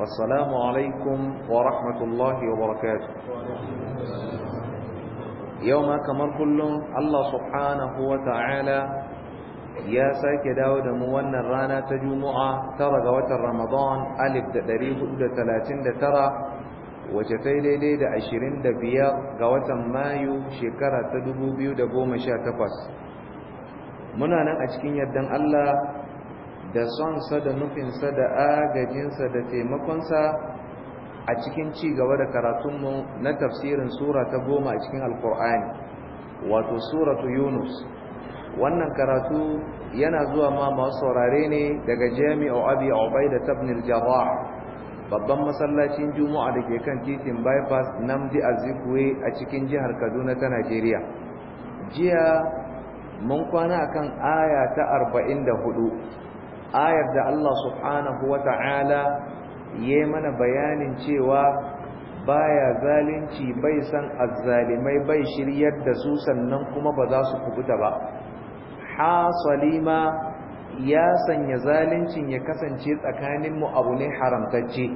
والسلام عليكم ورحمة الله وبركاته يوم كمر كل الله سبحانه وتعالى يا سايك داود موانا رانا تجمعة ترى قوات رمضان ألف دريه دا تلاتين دا ترى وجتي ليلي دا عشرين دا بيار قوات مايو شكرة تدبو بيو دا قوم شاتفس منا نأشكين يدن الله da sonsa da nufinsa da agajinsa da taimakonsa a cikin ci gaba da karatunmu na tafsirin sura ta goma a cikin alkur'ani wato suratu yunus wannan karatu yana zuwa ma masu saurare ne daga jami'a abi obai da tabnil jarrah babban masallacin juma'a da ke kan titin bypass namdi azikwe a cikin jihar kaduna ta najeriya jiya mun kwana a kan aya ta arba'in da hudu. ayar da Allah subhanahu wa ta'ala ya mana bayanin cewa baya zalunci bai san azzalimai bai shiryar da su sannan kuma ba za su kubuta ba hasalima ya sanya zaluncin ya kasance tsakanin mu abu ne haramtacce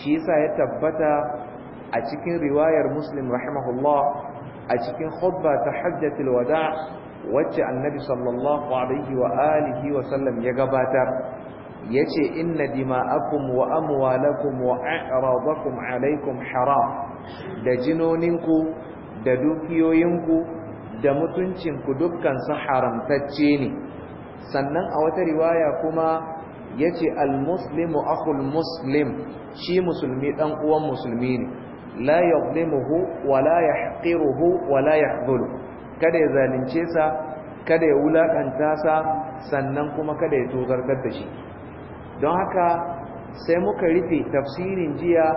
shi yasa ya tabbata a cikin riwayar muslim rahimahullah a cikin khutba ta hajjatul wada' wacce annabi sallallahu alaihi wa alihi wa sallam ya gabatar yace inna dima'akum wa amwalakum wa a'radakum alaikum haram da jinoninku da dukiyoyinku da mutuncinku dukkan su haramtacce ne sannan a wata riwaya kuma yace al-muslimu akhul muslim shi musulmi dan uwan musulmi ne la yadhlimuhu wa la yahqiruhu wa la kada ya zalunce sa kada ya wulakanta sa sannan kuma kada ya tozartar da shi don haka sai muka rufe tafsirin jiya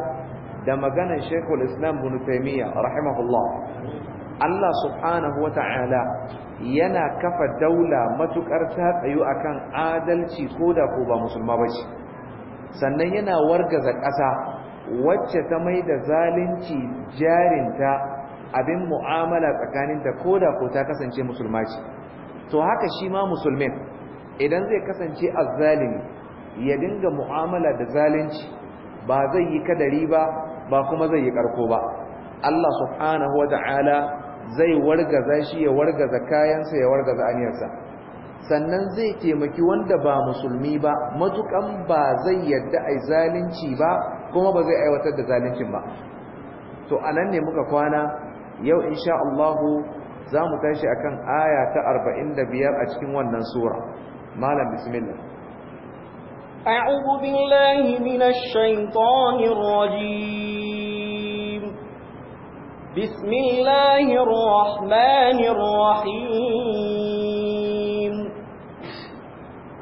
da maganar shekul Islam Ibn rahimahullah Allah subhanahu wata'ala yana kafa daula matukar ta tsayu akan adalci ko da ko ba musulma ba shi. sannan yana wargaza ƙasa wacce ta mai da zalunci jarinta abin mu'amala tsakanin da ko ta kasance musulma ce to haka shi ma musulmin idan zai kasance azzalimi ya dinga mu'amala da zalunci ba zai yi kadari ba ba kuma zai yi karko ba Allah subhanahu wata'ala zai wargaza shi ya wargaza kayansa ya wargaza aniyarsa sannan zai taimaki wanda ba musulmi ba matukan ba zai yadda a zalunci ba kuma ba zai aiwatar da zaluncin ba to anan ne muka kwana yau insha Allah za mu tashi akan aya ta 45 a cikin wannan sura malam bismillah أعوذ بالله من الشيطان الرجيم بسم الله الرحمن الرحيم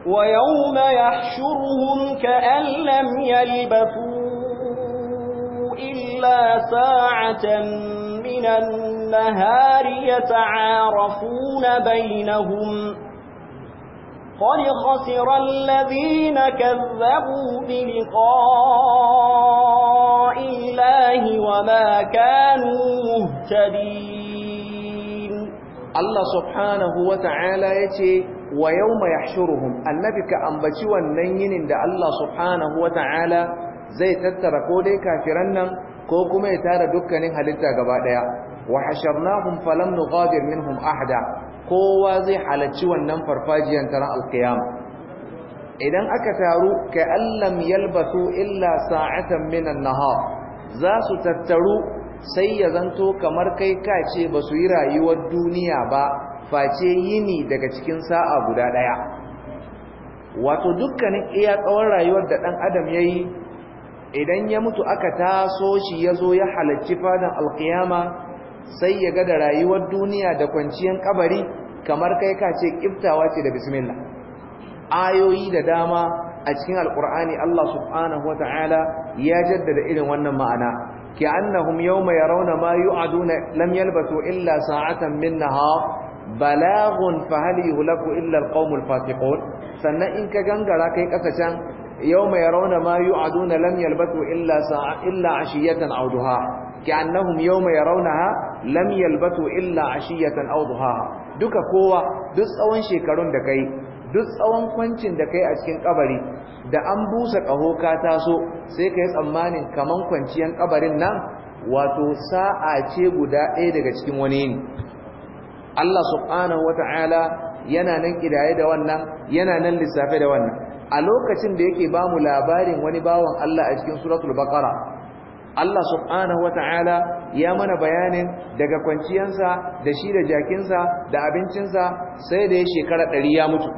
ويوم يحشرهم كأن لم يلبثوا إلا ساعة مِنَ النهار يتعارفون بينهم قد خسر الذين كذبوا بلقاء الله وما كانوا مهتدين الله سبحانه وتعالى يتي ويوم يحشرهم النبي كأنبتي والنين عند الله سبحانه وتعالى زي تتركوا لي كافرنا ko kuma ya tara dukkanin halitta gaba daya wa hasharnahum falam nughadir minhum ahada kowa zai halacci wannan farfajiyan ta na alqiyam idan aka taru ka allam yalbasu illa sa'atan min an-nahar za su tattaru sai ya zanto kamar kai kace ba su yi rayuwar duniya ba face yini daga cikin sa'a guda daya wato dukkanin iya tsawon rayuwar da dan adam yayi idan ya mutu aka taso shi ya zo ya halarci fadan alkiyama sai ya ga da rayuwar duniya da kwanciyar kabari kamar kai ka ce kiftawa ce da bismillah ayoyi da dama a cikin alkur'ani Allah subhanahu wata'ala ya jaddada irin wannan ma'ana ki annahum yawma yarawna ma yu'aduna lam yalbasu illa sa'atan min nahar balagun fahali hulaku illa alqaumul fasiqun sannan in ka gangara kai kasacen يوم يرون ما يوعدون لم يلبثوا إلا, ساعة إلا عشية أو ضحاها كأنهم يوم يرونها لم يلبثوا illa عشية أو ضحاها duka kowa duk tsawon shekarun da kai duk tsawon kwancin da kai a cikin kabari da an busa kaho ka taso sai kai tsammanin kaman kwanciyan kabarin nan wato sa'a ce guda ɗaya daga cikin wani yini Allah subhanahu wata'ala yana nan kidaye da wannan yana nan lissafe da wannan a lokacin da yake ba mu labarin wani bawan Allah a cikin suratul baqara Allah subhanahu wata'ala ya mana bayanin daga kwanciyansa da shi da jakinsa da abincinsa sai da ya shekara ɗari ya mutu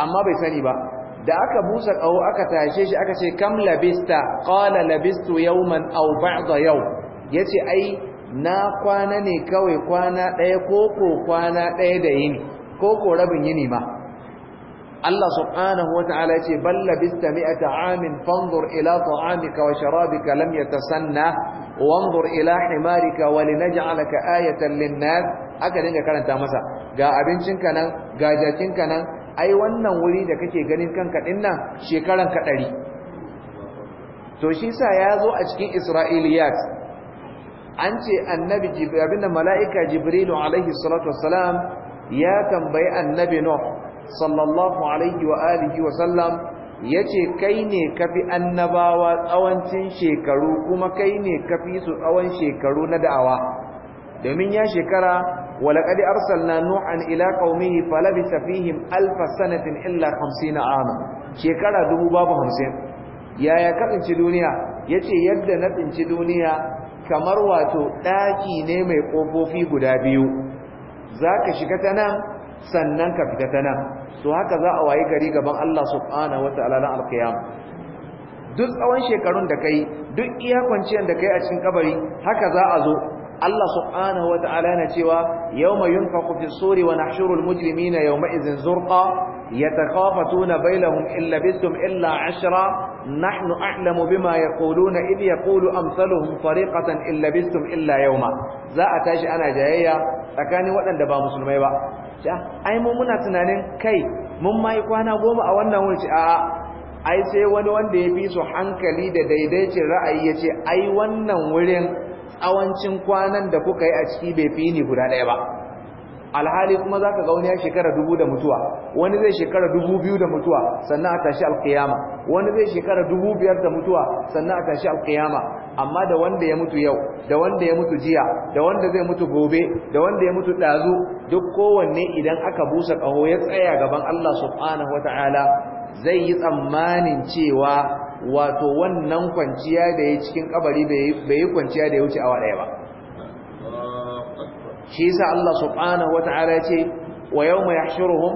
amma bai sani ba da aka busa ƙaho aka tashe shi aka ce kam labista ƙala labistu yawman au ba'da yau Ya ce ai na kwana ne kawai kwana ɗaya ko ko kwana ɗaya da yini ko ko rabin yini ma Allah subhanahu wa ta'ala ya ce balla bista mi'ata amin fanzur ila ta'amika wa sharabika lam yatasanna wanzur ila himarika wa linaj'alaka ayatan lin aka dinga karanta masa ga ka nan ga ka nan ai wannan wuri da kake ganin kanka din nan shekaran ka 100 to shi sa ya zo a cikin Isra'iliyat an ce annabi abinda mala'ika jibrilu alaihi salatu wassalam ya tambayi annabi nuh sallallahu alaihi wa alihi wa sallam yace kai ne kafi annabawa tsawancin shekaru kuma kai ne kafi su tsawon shekaru na da'awa domin ya shekara walaqad arsalna nuhan ila qaumihi falabisa fihim alf sanatin illa 50 ama shekara dubu babu 50 yaya ka tsinci duniya yace yadda na tsinci duniya kamar wato daki ne mai kofofi guda biyu zaka shiga ta nan sannan ka fita ta nan Su haka za a waye gari gaban Allah subhanahu wataala na alqiyama duk tsawon shekarun da kai duk iya kwanciyar da kai a cikin kabari haka za a zo Allah subhanahu wataala na cewa yawma yunfaqu fi suri wa nahshuru al-mujrimina yawma idhin zurqa يتخافتون بينهم إن لبثتم إلا عشرا نحن أعلم بما يقولون إذ يقول أمثلهم طريقة إن لبثتم إلا يوما za a tashi ana jayayya tsakanin waɗanda ba musulmai ba ai mun muna tunanin kai mun mayi kwana goma a wannan wuce a ai sai wani wanda ya fi su hankali da daidaicin ra'ayi ya ce ai wannan wurin tsawancin kwanan da kuka yi a ciki bai fi ni guda ɗaya ba alhali kuma za ka gauniya shekara dubu da mutuwa wani zai shekara dubu biyu da mutuwa sannan a tashi alkiyama wani zai shekara dubu biyar da mutuwa sannan a tashi alkiyama amma da wanda ya mutu yau da wanda ya mutu jiya da wanda zai mutu gobe da wanda ya mutu ɗazu duk kowanne idan aka busa ƙaho ya tsaya gaban Allah subhanahu wata'ala zai yi tsammanin cewa wato wannan kwanciya da ya cikin kabari bai yi kwanciya da ya wuce awa ɗaya ba shi yasa Allah subhanahu wata'ala ya ce wa yawma yahshuruhum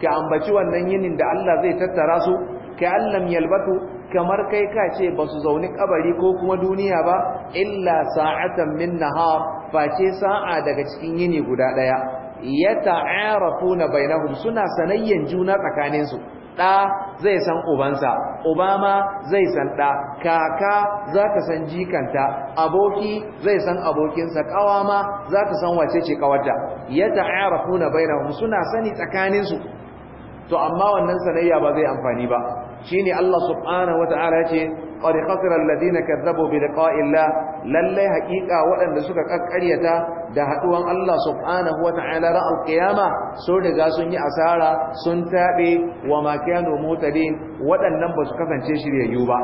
ka ambaci wannan yinin da Allah zai tattara su ka allam yalbatu kamar kai ka ce ba su zauni kabari ko kuma duniya ba illa sa'atan min nahar face sa'a daga cikin yini guda daya yata'arafuna bainahum suna sanayyan juna tsakaninsu da zai san ubansa uba ma zai san ɗa kaka za ka san jikanta aboki zai san abokinsa ƙawa ma za ka san wace ce ƙawarta ya yara na bainahum suna sani tsakaninsu to amma wannan sanayya ba zai amfani ba ne Allah subhanahu wataala yace qad khasira alladhina kadzabu bi ƙawa illa. lallai haƙiƙa waɗanda suka kakkaryata da haɗuwan Allah subhanahu wa ta'ala ra'al qiyama sun riga sun yi asara sun taɓe wa ma kanu mutadin waɗannan ba su kasance shiryayyu ba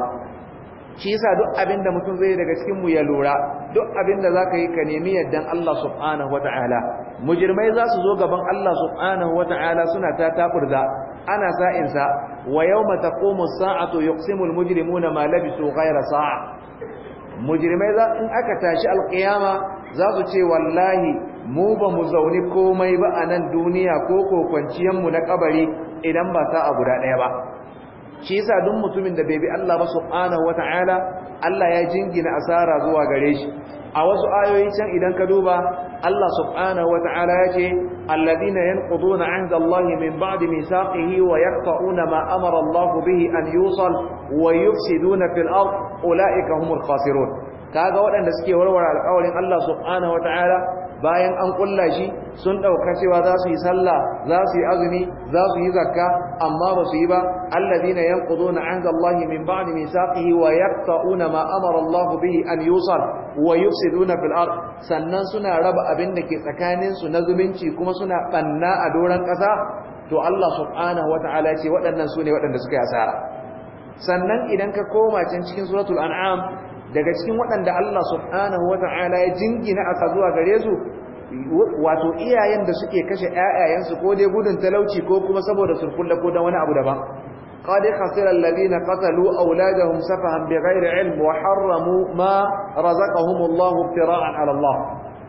shi yasa duk abinda mutum zai daga cikin mu ya lura duk abinda zaka yi ka nemi yaddan Allah subhanahu wa ta'ala mujirmai za su zo gaban Allah subhanahu wa ta'ala suna ta takurza ana sa'insa wa yawma taqumu as-sa'atu yuqsimu al-mujrimuna ma labisu ghayra sa'a mujrimai za in aka tashi alkiyama za su ce wallahi mu ba mu zauni komai ba a nan duniya ko kokwanciyanmu na kabari idan ba sa a guda ɗaya ba shi yasa duk mutumin da bai bi Allah ba subhanahu wataala Allah ya jingina asara zuwa gare shi a wasu ayoyi can idan ka duba Allah subhanahu wa ta'ala ce alladina yanquduna 'ahda Allah min ba'di mithaqihi wa yaqta'una ma amara Allah bihi an yusal wa yufsiduna fil ard ulaika humul khasirun kaga waɗanda suke warware alƙawarin Allah subhanahu wa ta'ala bayan an kulla shi sun dauka cewa za su yi sallah za su yi azumi za su yi zakka amma ba su yi ba alladhina yanquduna ahda Allah min ba'di mithaqihi wa yaqta'una ma amara Allah bihi an yusal wa yufsiduna fil ard sannan suna raba abin da ke tsakanin su na zumunci kuma suna banna a doran kasa to Allah subhanahu ta'ala ce waɗannan su ne waɗanda suka yi asara sannan idan ka koma can cikin suratul an'am daga cikin waɗanda Allah subhanahu wa ta'ala ya jingina aka zuwa gare su wato iyayen da suke kashe ƴaƴayensu ko dai gudun talauci ko kuma saboda surkulla ko da wani abu daban قد خسر الذين قتلوا أولادهم سفها بغير علم وحرموا ما رزقهم الله افتراء على الله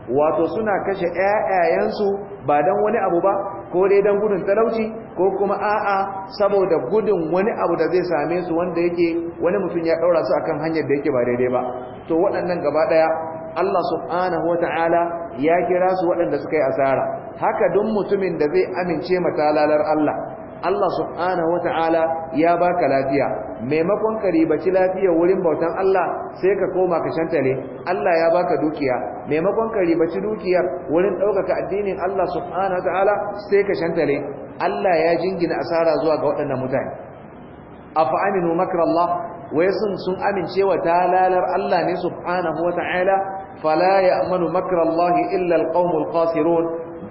wato suna kashe ‘ya'yayensu ba don wani abu ba ko dai don gudun talauci ko kuma a'a saboda gudun wani abu da zai same su wanda yake wani mutum ya daura su akan hanyar da yake ba daidai ba to waɗannan gaba ɗaya Allah subhanahu wata'ala ya kira su waɗanda suka yi asara haka duk mutumin da zai amince matalalar Allah Allah subhanahu wata'ala ya baka lafiya maimakon karibaci ribaci lafiya wurin bautan Allah sai ka koma ka shanta Allah ya baka dukiya maimakon karibaci ribaci dukiyar wurin ɗaukaka addinin Allah subhanahu ta'ala sai ka shanta Allah ya jingina asara zuwa ga waɗannan mutane afa aminu makrallah wai sun sun amince wa talalar Allah ne subhanahu wata'ala fala ya'manu makrallahi illa alqaumul khasirun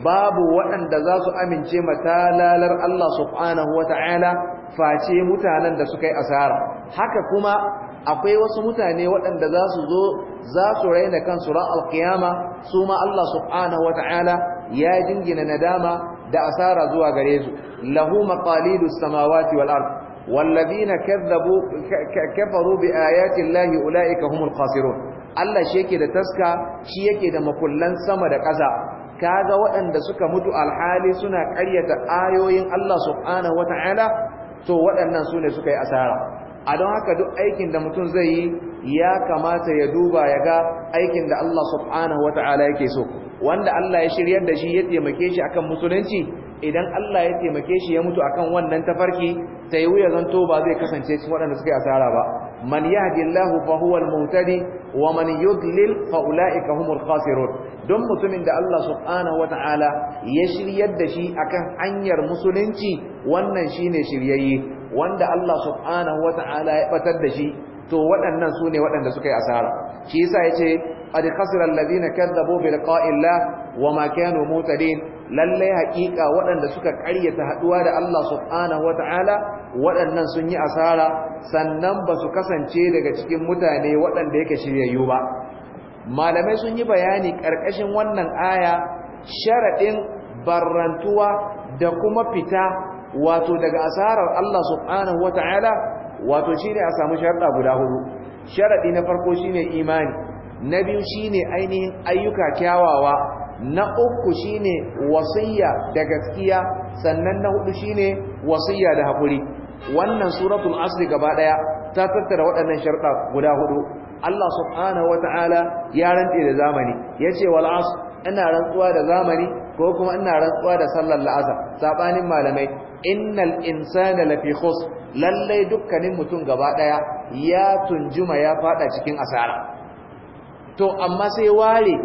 babu waɗanda za su amince ma talalar Allah subhanahu wata'ala face mutanen da suka yi asara haka kuma akwai wasu mutane waɗanda za su zo za su raina kansu ran alkiyama su ma Allah subhanahu wata'ala ya jingina nadama da asara zuwa gare su lahu maqalidus samawati wal ard والذين كذبوا كفروا بآيات الله أولئك هم الخاسرون Allah shi yake da taska shi yake da makullan sama da ƙasa kaga waɗanda suka mutu alhali suna ƙaryata ayoyin Allah subhanahu wata'ala to waɗannan su ne suka yi asara a don haka duk aikin da mutum zai yi ya kamata ya duba ya ga aikin da Allah subhanahu wa ta'ala yake so wanda Allah ya shiryar da shi ya taimake shi akan musulunci idan Allah ya taimake shi ya mutu akan wannan tafarki ta yi wuya zanto ba zai kasance cikin waɗanda suka yi asara ba man yahdillahu fa huwa al-muhtadi wa man yudlil fa ulaika humul khasirun don mutumin da Allah subhanahu wata'ala ya shiryar da shi akan hanyar musulunci wannan shine shiryayye wanda Allah subhanahu wata'ala ya batar da shi to waɗannan su ne waɗanda suka yi asara shi yasa ce qad khasira alladhina kadzabu bi liqa'illah ma kanu mutadin lalle haƙiƙa waɗanda suka ƙaryata haɗuwa da Allah subhanahu wata'ala waɗannan sun yi asara sannan ba su kasance daga cikin mutane waɗanda yake shiryayyu ba malamai sun yi bayani ƙarƙashin wannan aya sharaɗin barrantuwa da kuma fita wato daga asarar Allah subhanahu wa ta'ala wato shi ne a samu sharaɗa guda hudu sharaɗi na farko shi ne imani na biyu shi ne ainihin ayyuka kyawawa na uku shi ne wasiyya da gaskiya sannan na hudu shi ne wasiyya da haƙuri wannan suratul asli gaba ɗaya ta tattara waɗannan sharaɗa guda hudu Allah subhanahu wata'ala ya rantse da zamani yace wal asr ina rantsuwa da zamani ko kuma ina rantsuwa da sallar la'asar sabanin malamai innal insana lafi khus lallai dukkanin mutum gaba daya ya tunjuma ya fada cikin asara to amma sai ware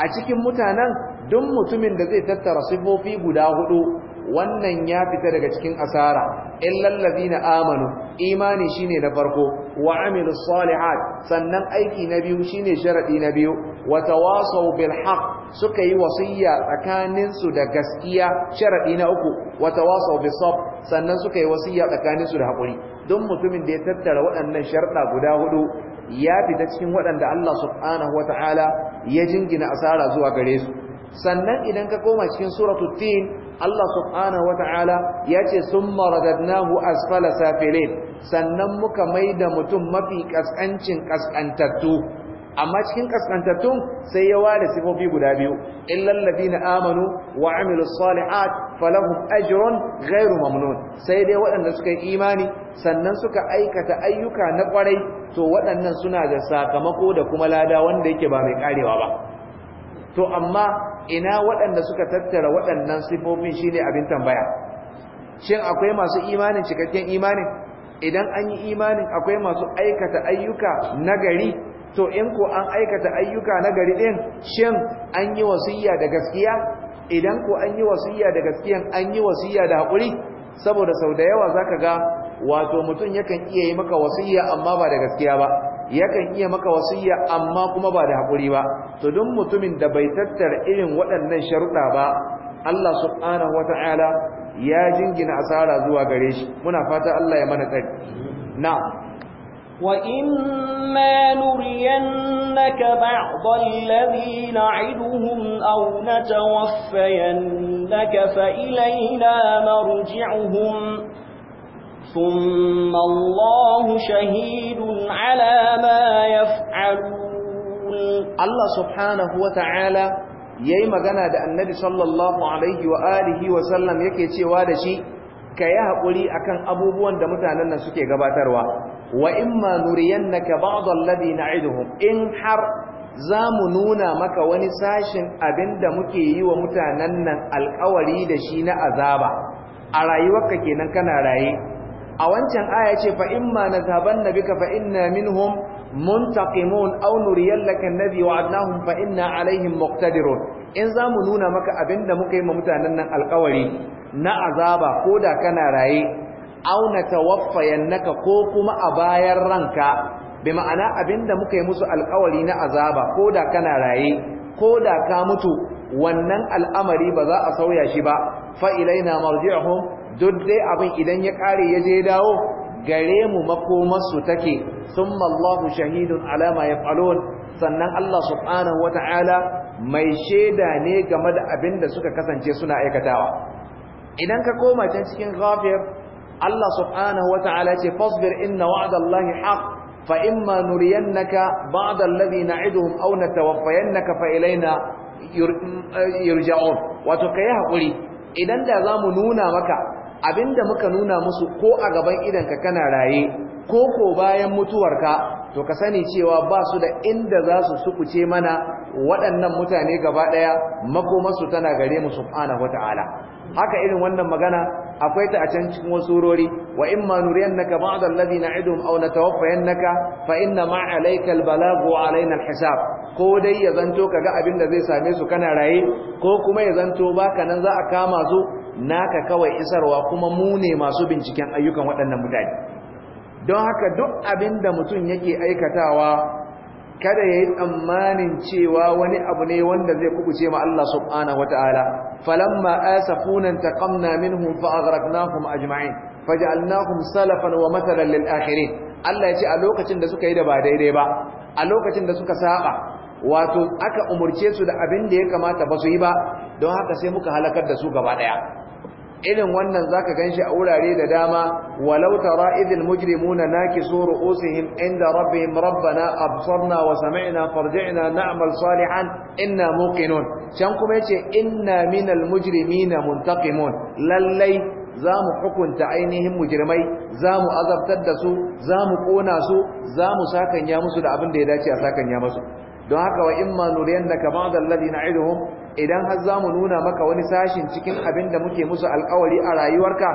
a cikin mutanen duk mutumin da zai tattara sifofi guda hudu wannan ya fita daga cikin asara illal ladina amanu imani shine da farko wa amilus salihat sannan aiki na biyu shine sharadi na biyu wa tawasaw bil haqq suka yi wasiyya tsakanin su da gaskiya sharadi na uku wa tawasaw bis sabr sannan suka yi wasiyya tsakanin su da hakuri don mutumin da ya tattara waɗannan sharda guda hudu ya fita cikin waɗanda Allah subhanahu wataala ya jingina asara zuwa gare su sannan idan ka koma cikin suratul tin Allah subhanahu wata'ala yace summa radadnahu asfala safilin sannan muka maida mutum mafi kaskancin kaskantattu amma cikin kaskantattun sai ya ware sifofi guda biyu illal ladina amanu wa amilus salihat falahum ajrun ghairu mamnun sai dai waɗanda suka yi imani sannan suka aikata ayyuka na kwarai to waɗannan suna da sakamako da kuma lada wanda yake ba mai karewa ba to amma ina waɗanda suka tattara waɗannan sifofin shine abin tambaya shin akwai masu imanin cikakken imanin idan an yi imanin akwai masu aikata ayyuka nagari to in ko an aikata ayyuka nagari din shin an yi wasiyya da gaskiya idan ko an yi wasiyya da gaskiya, an yi wasiyya da hakuri saboda sau da yawa zaka ga wato mutum yakan iya yi maka wasiyya amma ba da gaskiya ba yakan iya maka wasiyya amma kuma ba da haƙuri ba to duk mutumin da bai tattara irin waɗannan sharuɗa ba Allah subhanahu wata'ala ya jingina asara zuwa gare shi muna fata Allah ya mana tsari na'am وَإِمَّا نُرِيَنَّكَ بَعْضَ الَّذِي نَعِدُهُمْ أَوْ نَتَوَفَّيَنَّكَ فَإِلَيْنَا مَرْجِعُهُمْ ثم الله شهيد على ما يفعلون الله سبحانه وتعالى yayi magana da annabi sallallahu alaihi wa alihi wa sallam yake cewa da shi ka yi haƙuri akan abubuwan da mutanen nan suke gabatarwa wa imma nuriyannaka ba'd alladhi na'iduhum in har za mu nuna maka wani sashin abinda muke yi wa mutanen nan alƙawari da shi na azaba a rayuwarka kenan kana raye a wancan aya ce fa imma nazhabanna bika fa inna minhum muntaqimun aw nuriyallaka alladhi wa'adnahum fa inna alaihim muqtadirun in zamu nuna maka abinda muka yi ma mutanen nan alƙawari na azaba koda kana raye aw natawaffayannaka ko kuma a bayan ranka bi ma'ana abinda muka yi musu alƙawari na azaba ko da kana raye ko da ka mutu wannan al'amari ba za a sauya shi ba fa ilaina marji'uhum duk dai abin idan ya kare ya je dawo gare mu makomarsu take summa Allahu shahidun ala ma yaf'alun sannan Allah subhanahu wata'ala mai sheda ne game da abin da suka kasance suna aikatawa idan ka koma can cikin ghafir Allah subhanahu wata'ala ce fasbir inna wa'dallahi haq fa imma nuriyannaka ba'da alladhi na'iduhum aw natawaffayannaka fa ilaina yurja'un wato kai hakuri idan da zamu nuna maka abinda muka nuna musu ko a gaban idanka kana raye ko ko bayan mutuwarka to ka sani cewa ba su da inda za su sukuce mana waɗannan mutane gaba ɗaya makomarsu tana gare mu subhanahu wata'ala haka irin wannan magana akwai ta a can cikin wasu rori wa in ma nuriyannaka ba'd na na'iduhum aw natawaffayannaka fa inna ma 'alayka al wa 'alaina al ko dai ya zanto kaga abin da zai same su kana raye ko kuma ya zanto baka nan za a kama su naka kawai isarwa kuma mu ne masu binciken ayyukan waɗannan mutane don haka duk abin da mutum yake aikatawa kada ya yi tsammanin cewa wani abu ne wanda zai kubuce ma Allah subhanahu ta’ala falamma asafunan taqamna minhum fa aghraqnahum ajma'in faj'alnahum salafan wa matalan lil akhirin Allah ya ce a lokacin da suka yi da ba daidai ba a lokacin da suka saba wato aka umurce su da abin da ya kamata ba su yi ba don haka sai muka halakar da su gaba daya irin wannan zaka ganshi a wurare da dama walau tara idil mujrimuna nakisu ru'usihim inda rabbihim rabbana absarna wa sami'na farji'na na'mal salihan inna muqinun can kuma yace inna minal mujrimina muntaqimun lallai zamu hukunta ainihin mujrimai zamu azabtar da su zamu kona su zamu sakanya musu da abin da ya dace a sakanya musu don haka wa imma nuriyannaka ba'd alladhi na'iduhum idan har zamu nuna maka wani sashin cikin abin da muke musu alkawari a rayuwarka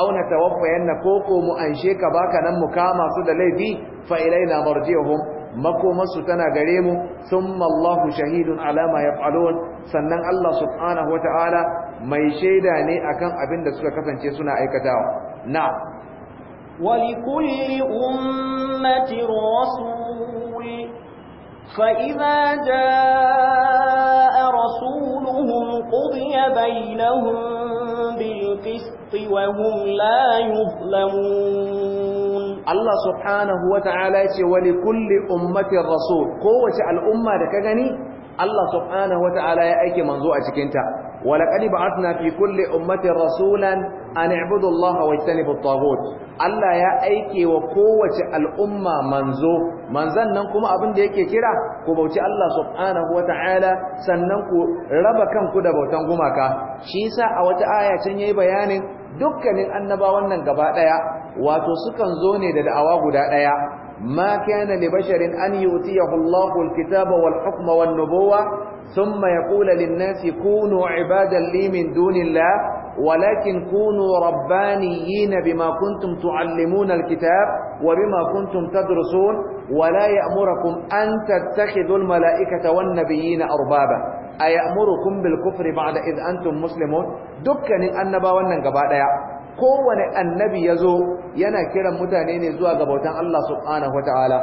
auna tawaffayanna ko ko mu anshe ka baka nan mu kama su da laifi fa ilaina marji'uhum makomarsu tana gare mu thumma Allahu shahidun ala ma yaf'alun sannan Allah subhanahu wata'ala mai shaida ne akan abin da suka kasance suna aikatawa na'am ولكل أمة رسول فإذا جاء رسولهم قضي بينهم بالقسط وهم لا يظلمون الله سبحانه وتعالى ولكل أمة الرسول قوة الأمة دكغني Allah subhanahu wata'ala ya aike manzo a cikinta ولقد بعثنا في كل أمة رسولا أن اعبدوا الله واجتنبوا الطاغوت Allah ya aike wa kowace al'umma manzo, manzan nan kuma abin da yake kira ku bauci Allah subhanahu wa ta'ala sannan ku raba kanku da bautan gumaka. Shi sa a wata aya can yayi bayanin dukkanin annabawan nan gaba ɗaya wato sukan zo ne da da'awa guda ɗaya ما كان لبشر أن يؤتيه الله الكتاب والحكم والنبوة ثم يقول للناس كونوا عبادا لي من دون الله ولكن كونوا ربانيين بما كنتم تعلمون الكتاب وبما كنتم تدرسون ولا يأمركم أن تتخذوا الملائكة والنبيين أربابا أيأمركم بالكفر بعد إذ أنتم مسلمون دكا أنبا ونن قبادا kowane annabi ya zo yana kiran mutane ne zuwa ga bautan Allah subhanahu wa ta'ala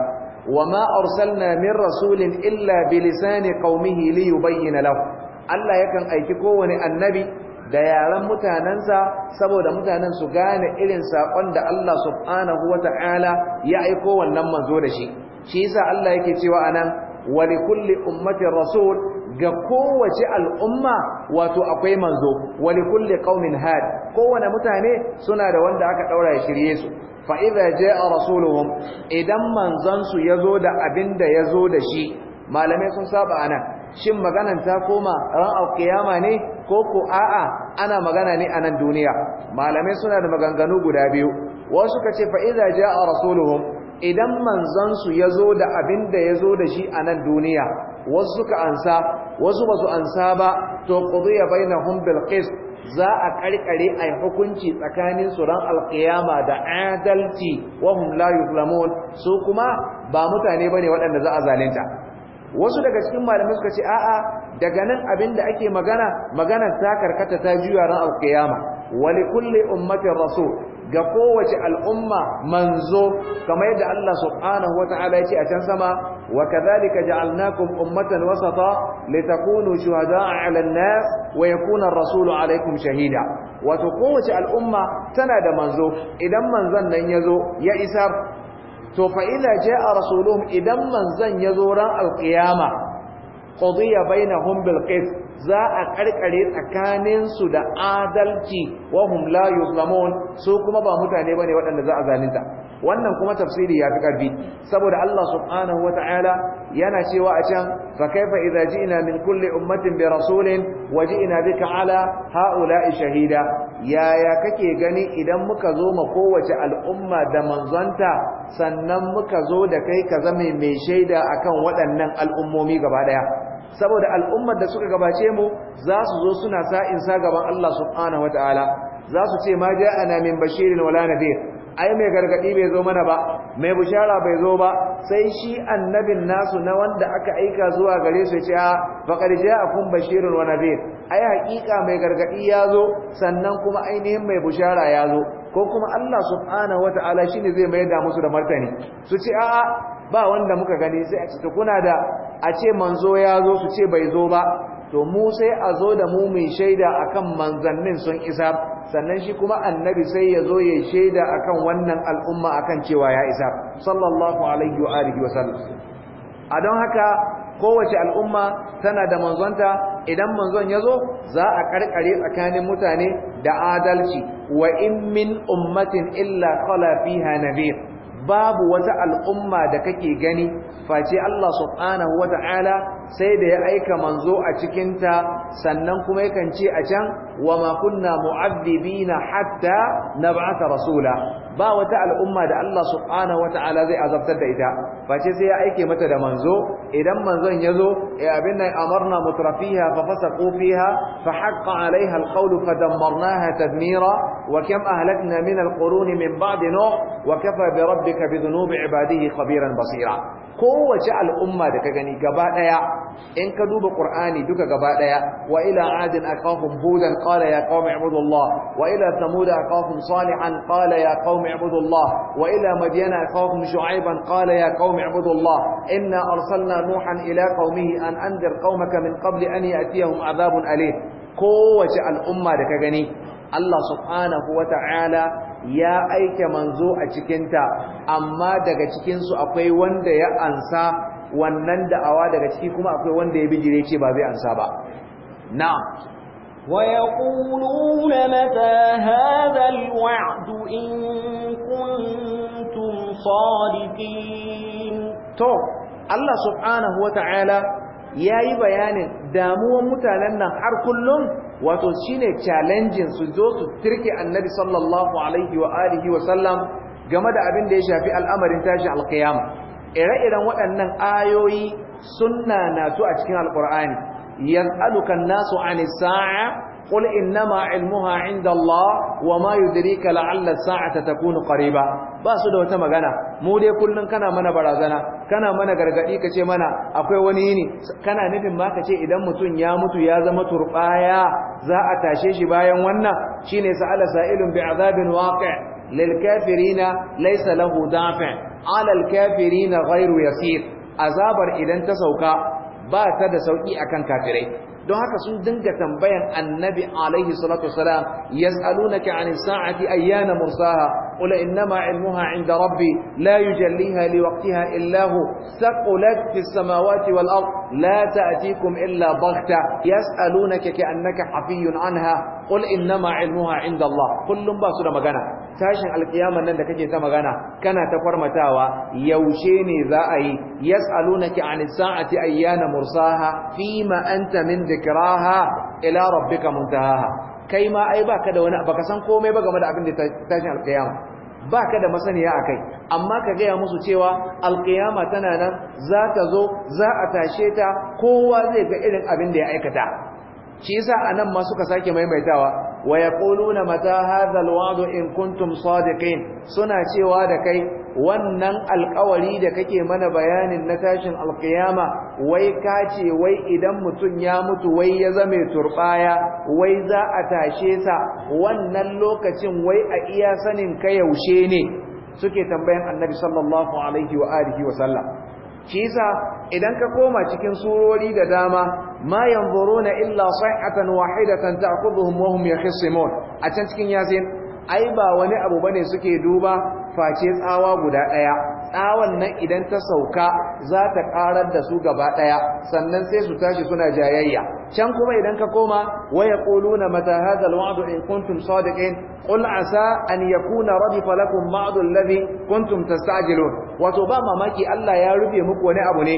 wa ma arsalna min rasulin illa bilisani lisani liyu bayyana yubayyana Allah yakan aiki kowane annabi da yaran mutanansa saboda mutanen su gane irin saƙon da Allah subhanahu wa ta'ala ya aiko wannan manzo da shi shi yasa Allah yake cewa anan wa li kulli ummatin rasul ga kowace al'umma wato akwai manzo wali kulle qaumin had kowane mutane suna da wanda aka ɗaura ya shirye su fa idza jaa rasuluhum idan manzon su yazo da abinda yazo da shi malamai sun saba anan shin maganan ta koma ran alqiyama ne ko ko a'a ana magana ne a nan duniya malamai suna da maganganu guda biyu wasu ce fa idza jaa rasuluhum idan manzon su yazo da abinda yazo da shi a nan duniya wasu suka ansa wasu ba su ansa ba to qudiya bainahum bil qist za a karkare ai hukunci tsakanin su ran qiyama da adalci wa hum la yuzlamun su kuma ba mutane bane waɗanda za a zalunta wasu daga cikin malamai suka ce a'a daga nan abinda ake magana maganar ta karkata ta juya ran qiyama wa li kulli ummatin rasul ga kowace al'umma manzo kamar yadda Allah subhanahu wata'ala yace a can sama wa kadhalika ja'alnakum ummatan wasata litakunu shuhada'a 'ala nas wa yakuna ar-rasulu 'alaykum shahida wato kowace al'umma tana da manzo idan manzon nan yazo ya isar to fa idza ja'a rasuluhum idan manzon yazo ran al-qiyama qudiya bainahum bil qist za a karkare tsakaninsu da adalci wahum la yuzlamun su kuma ba mutane bane waɗanda za a zalunta wannan kuma tafsiri ya fi karfi saboda Allah subhanahu Ta'ala yana cewa a can fa kaifa idza ji'na min kulli ummatin bi rasulin wa ji'na bika ala ha'ula'i shahida yaya kake gani idan muka zo ma kowace al'umma da manzonta sannan muka zo da kai ka zame mai shaida akan waɗannan al'ummomi gaba ɗaya? saboda al'ummar da suka gabace mu za su zo suna sa'in sa gaban Allah subhanahu wataala za su ce ma ja'ana min bashirin wala biyar. ai mai gargadi bai zo mana ba mai bushara bai zo ba sai shi annabin nasu na wanda aka aika zuwa gare su ce a ah, faqad ja'akum bashirun wa nadhir ai hakika mai gargadi ya zo sannan kuma ainihin mai bushara ya zo ko kuma Allah subhanahu shi shine zai mai da musu da martani su ce a'a ba wanda muka gani sai a ce kuna da a ce manzo ya zo su ce bai zo ba to mu sai a zo da mu mai shaida akan manzannin sun isa sannan shi kuma annabi sai ya zo ya shaida akan wannan al'umma akan cewa ya isa sallallahu alaihi wa alihi wa a don haka kowace al'umma tana da manzonta idan manzon ya zo za a karkare tsakanin mutane da adalci wa in min ummatin illa qala fiha nabiy babu wata al'umma da kake gani face Allah subhanahu wata'ala sai da ya aika manzo a cikinta sannan kuma yakan ce a can wama kunna mu'adhibina hatta nab'atha rasula ba wata al'umma da Allah subhanahu wata'ala zai azabtar da ita face sai ya aike mata da manzo idan manzon yazo eh abin nan amarna mutrafiha fa fasaqu fiha fa haqqa 'alayha al-qawl fa dammarnaha tadmira wa kam ahlakna min al-qurun min ba'd nuh wa kafa bi rabbika bi dhunubi 'ibadihi khabiran basira kowace al'umma da ka gani gaba daya in ka duba qur'ani duka gaba daya wa ila adin aqahum hudan قال يا قوم اعبدوا الله a ثمود أخاهم صالحا قال يا قوم اعبدوا الله وإلى مدين أخاهم شعيبا قال يا قوم اعبدوا الله إنا أرسلنا نوحا إلى قومه أن أنذر قومك من قبل أن يأتيهم عذاب أليم kowace al'umma da ka gani Allah subhanahu wa ya aike manzo a cikinta amma daga cikinsu akwai wanda ya ansa wannan da'awa daga ciki kuma akwai wanda ya bijire ce ba zai ansa ba Na'a. ويقولون متى هذا الوعد إن To Allah تو الله سبحانه وتعالى yayi bayanin damuwan mutanen nan har kullum wato shine challenging su zo su tirke annabi sallallahu alaihi wa alihi wa sallam game da abin da ya shafi al'amarin tashi alkiyama. ire-iren waɗannan ayoyi sunna na su a cikin Alƙur'ani. يسألك الناس عن الساعة قل إنما علمها عند الله وما يدريك لعل الساعة تكون قريبا باسو da wata magana mu dai kullun kana mana barazana kana mana gargadi ce mana akwai wani yini kana nufin ma kace idan mutun ya mutu ya zama turbaya za a tashe shi bayan wannan shine sa'ala sa'ilun bi'adabin waqi' lil kafirina laysa lahu dafi' 'ala al ghayru yasir azabar idan ta sauka ba ta da sauki akan kafirai don haka sun dinga tambayan annabi alaihi salatu wasalam yas'alunaka 'anis sa'ati ayyana mursaha qul innama 'ilmuha 'inda rabbi la yujalliha liwaqtiha illa hu saqulat fis samawati wal ard la ta'tikum illa baghta yas'alunaka ka'annaka hafiyyun 'anha qul innama 'ilmuha 'inda Allah kullum ba su da magana tashin alkiyaman nan da kake ta magana kana ta farmatawa yaushe ne za a yi yas'alunaki anis sa'ati ayyana mursaha fima anta min dhikraha ila rabbika muntahaha kai ma ai baka da wani baka san komai ba game da abin da tashin alkiyama baka da masaniya akai amma ka gaya musu cewa alkiyama tana nan za ta zo za a tashe ta kowa zai ga irin abin da ya aikata shi yasa anan ma suka sake maimaitawa wa yaquluna mata hadha alwa'd in kuntum sadiqin suna cewa da kai wannan alƙawari da kake mana bayanin na tashin alƙiyama wai ka ce wai idan mutum ya mutu wai ya zame turbaya wai za a tashe sa wannan lokacin wai a iya sanin ka yaushe ne suke tambayan annabi sallallahu alaihi wa alihi wa sallam shi yasa idan ka koma cikin surori da dama ma yanzuruna illa sa'atan wahidatan ta'khudhuhum wa hum yakhsimun a can cikin yasin ai ba wani abu bane suke duba face tsawa guda ɗaya tsawon nan idan ta sauka za ta ƙarar da su gaba ɗaya sannan sai su tashi suna jayayya can kuma idan ka koma waya quluna mata hadha wa'adu in kuntum sadiqin qul asa an yakuna radifa lakum ba'd alladhi kuntum tastajilun wato ba mamaki Allah ya rufe muku wani abu ne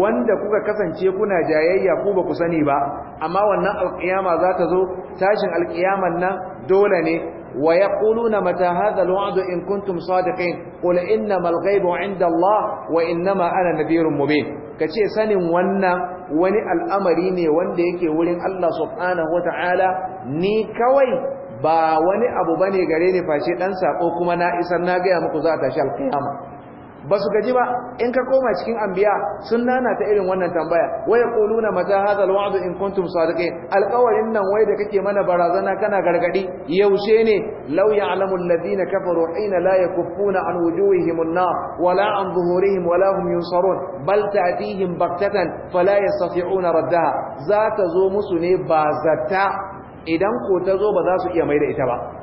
wanda kuka kasance kuna jayayya ku ba ku sani ba amma wannan alkiyama za ta zo tashin alkiyaman nan dole ne ويقولون متى هذا الوعد إن كنتم صادقين قل إنما الغيب عند الله وإنما أنا نذير مبين كشي سن ونا وني الأمرين وندي يكي ولين الله سبحانه وتعالى ني كوي ba wani abu bane gare ni face dan sako kuma na isar na ga muku za ta shal qiyama ba su gaji ba in ka koma cikin anbiya sun nana ta irin wannan tambaya waya quluna mata hadha alwa'd in kuntum sadiqin alqawlin nan wai da kake mana barazana kana gargadi yaushe ne law ya'lamu alladhina kafaru hina la yakuffuna an wujuhihim an-nar wala an zuhurihim wala hum yunsarun bal ta'tihim baktatan fala yastati'una raddaha za ta zo musu ne ba zata idan ko ta zo ba za su iya maida ita ba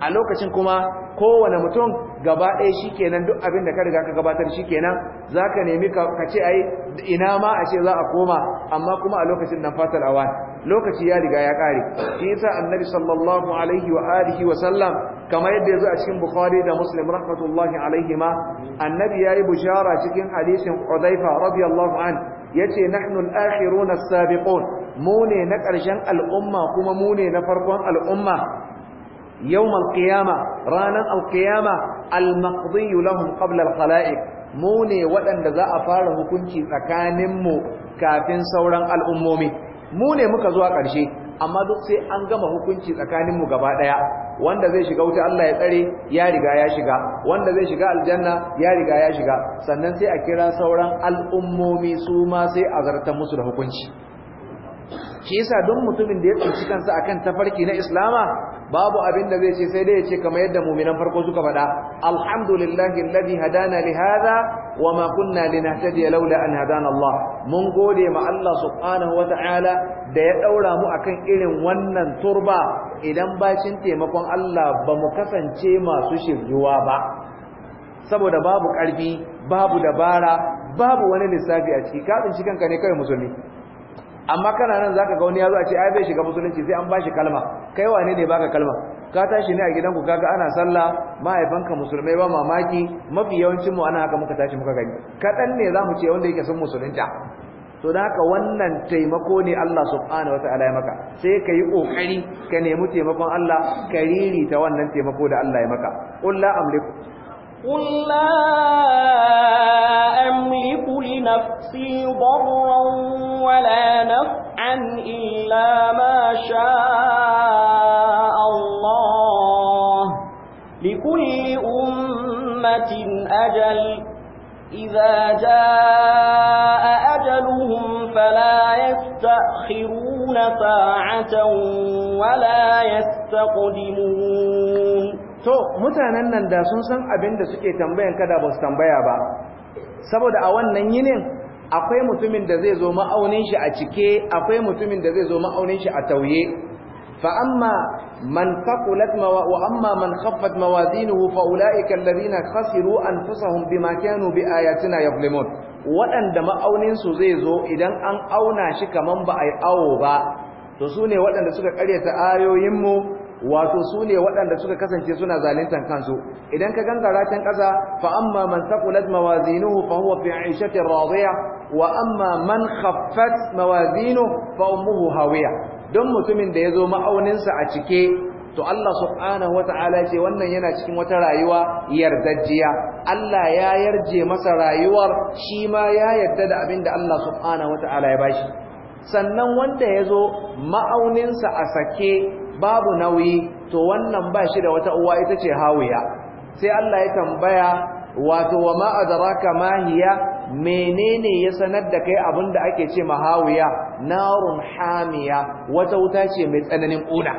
a lokacin kuma kowane mutum gaba ɗaya shi kenan duk abin da ka riga ka gabatar shi kenan za ka nemi ka ce ina ma a ce za a koma amma kuma a lokacin nan fatal awan lokaci ya riga ya ƙare shi yasa annabi sallallahu alaihi wa alihi wa sallam kamar yadda yazo a cikin bukhari da muslim rahmatullahi alaihima annabi yayi bushara cikin hadisin udaifa radiyallahu an yace nahnu al-akhiruna as-sabiqun mu ne na ƙarshen al'umma kuma mu ne na farkon al'umma Yau يوم القيامة رانا القيامة المقضي لهم قبل الخلائق موني ودن ذا أفاره كنت تكانمو كافين سورا الأمومي muka مكزوا ƙarshe, amma duk sai an gama hukunci tsakaninmu gaba ɗaya wanda zai shiga wuta Allah ya tsare ya riga ya shiga wanda zai shiga aljanna ya riga ya shiga sannan sai a kira sauran al'ummomi su ma sai a zartar musu da hukunci shi yasa duk mutumin da ya tsinci kansa akan tafarki na islama babu abin da zai ce sai dai ya ce kamar yadda muminan farko suka faɗa alhamdulillahi alladhi hadana li hadha wa ma kunna linahtadiya laula an hadana Allah mun gode ma Allah subhanahu wa ta'ala da ya daura mu akan irin wannan turba idan bacin taimakon Allah ba mu kasance masu shirjuwa ba saboda babu karfi babu dabara babu wani lissafi a ciki kafin kanka ne kai musulmi amma kana nan zaka ga wani yazo a ce ai bai shiga musulunci sai an bashi kalma kai wane ne baka kalma ka tashi ne a gidanku kaga ana sallah mahaifanka musulmai ba mamaki mafi yawancin mu ana haka muka tashi muka gani kadan ne zamu ce wanda yake son musulunta to dan haka wannan taimako ne Allah subhanahu wataala ya maka sai ka yi kokari ka nemi taimakon Allah ka ta wannan taimako da Allah ya maka qul la amliku قل لا أملك لنفسي ضرا ولا نفعا إلا ما شاء الله لكل أمة أجل إذا جاء أجلهم فلا يستأخرون ساعة ولا يستقدمون to mutanen nan da sun san abin da suke tambayan kada ba su tambaya ba saboda a wannan yinin akwai mutumin da zai zo ma'aunin shi a cike akwai mutumin da zai zo ma'aunin shi a tauye fa amma man faqulat wa amma man khaffat mawazinuhu fa ulaika alladhina khasiru anfusahum bima kanu ayatina yuzlimun waɗanda ma'aunin su zai zo idan an auna shi kaman ba ai awo ba to sune waɗanda suka karyata ayoyin mu wato su ne waɗanda suka kasance suna zalintan kansu idan ka gangara can ƙasa fa amma man saqulat mawazinuhu fa huwa fi 'ishatin radiya wa amma man khaffat mawazinuhu fa ummuhu hawiya don mutumin da yazo ma'auninsa a cike to Allah subhanahu wata'ala ce wannan yana cikin wata rayuwa yardajiya Allah ya yarje masa rayuwar shi ma ya yarda da abin da Allah subhanahu wata'ala ya bashi sannan wanda yazo ma'auninsa a sake babu nauyi to wannan ba shi da wata uwa ita ce hawiya sai Allah ya tambaya wato wa ma adraka ma hiya menene ya sanar da kai abinda ake ce ma hawiya narun hamiya wata wuta ce mai tsananin ƙuna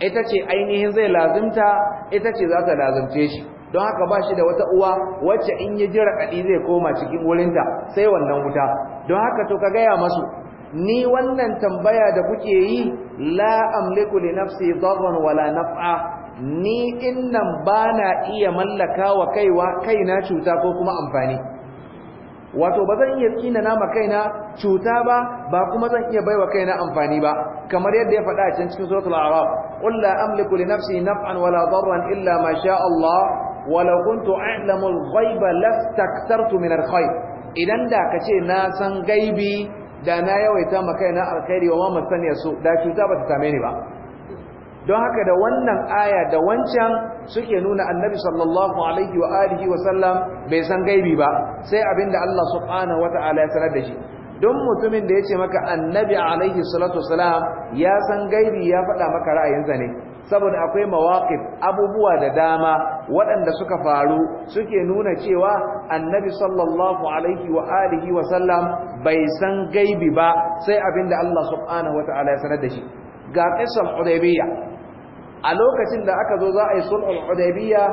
ita ce ainihin zai lazimta ita ce za ta lazimce shi don haka ba shi da wata uwa wacce in ya jira kadi zai koma cikin wurinta sai wannan wuta don haka to ka gaya masu ni wannan tambaya da kuke yi la amliku li nafsi darran wala naf'a ni innan bana iya mallaka wa kaiwa kaina cuta ko kuma amfani wato ba zan iya tsina nama kaina cuta ba ba kuma zan iya baiwa kaina amfani ba kamar yadda ya faɗa a can cikin suratul a'raf qul la amliku li nafsi naf'an wala darran illa ma sha Allah wala kuntu a'lamu al-ghaiba lastaktartu min al-khair idan da kace na san gaibi da na yawaita ma kaina alkhairi wa ma masaniya su da cuta ba ta same ni ba don haka da wannan aya da wancan suke nuna annabi sallallahu alaihi wa alihi wa sallam bai san gaibi ba sai abinda Allah subhanahu wataala ya sanar da shi don mutumin da ya ce maka annabi alaihi salatu wasalam ya san gaibi ya faɗa maka ra'ayinsa ne saboda akwai mawaqif abubuwa da dama waɗanda suka faru suke nuna cewa annabi sallallahu alaihi wa alihi wa sallam bai san gaibi ba sai abinda Allah subhanahu wa ya sanar da shi ga al hudaybiyya a lokacin da aka zo za a yi sulhul hudaybiyya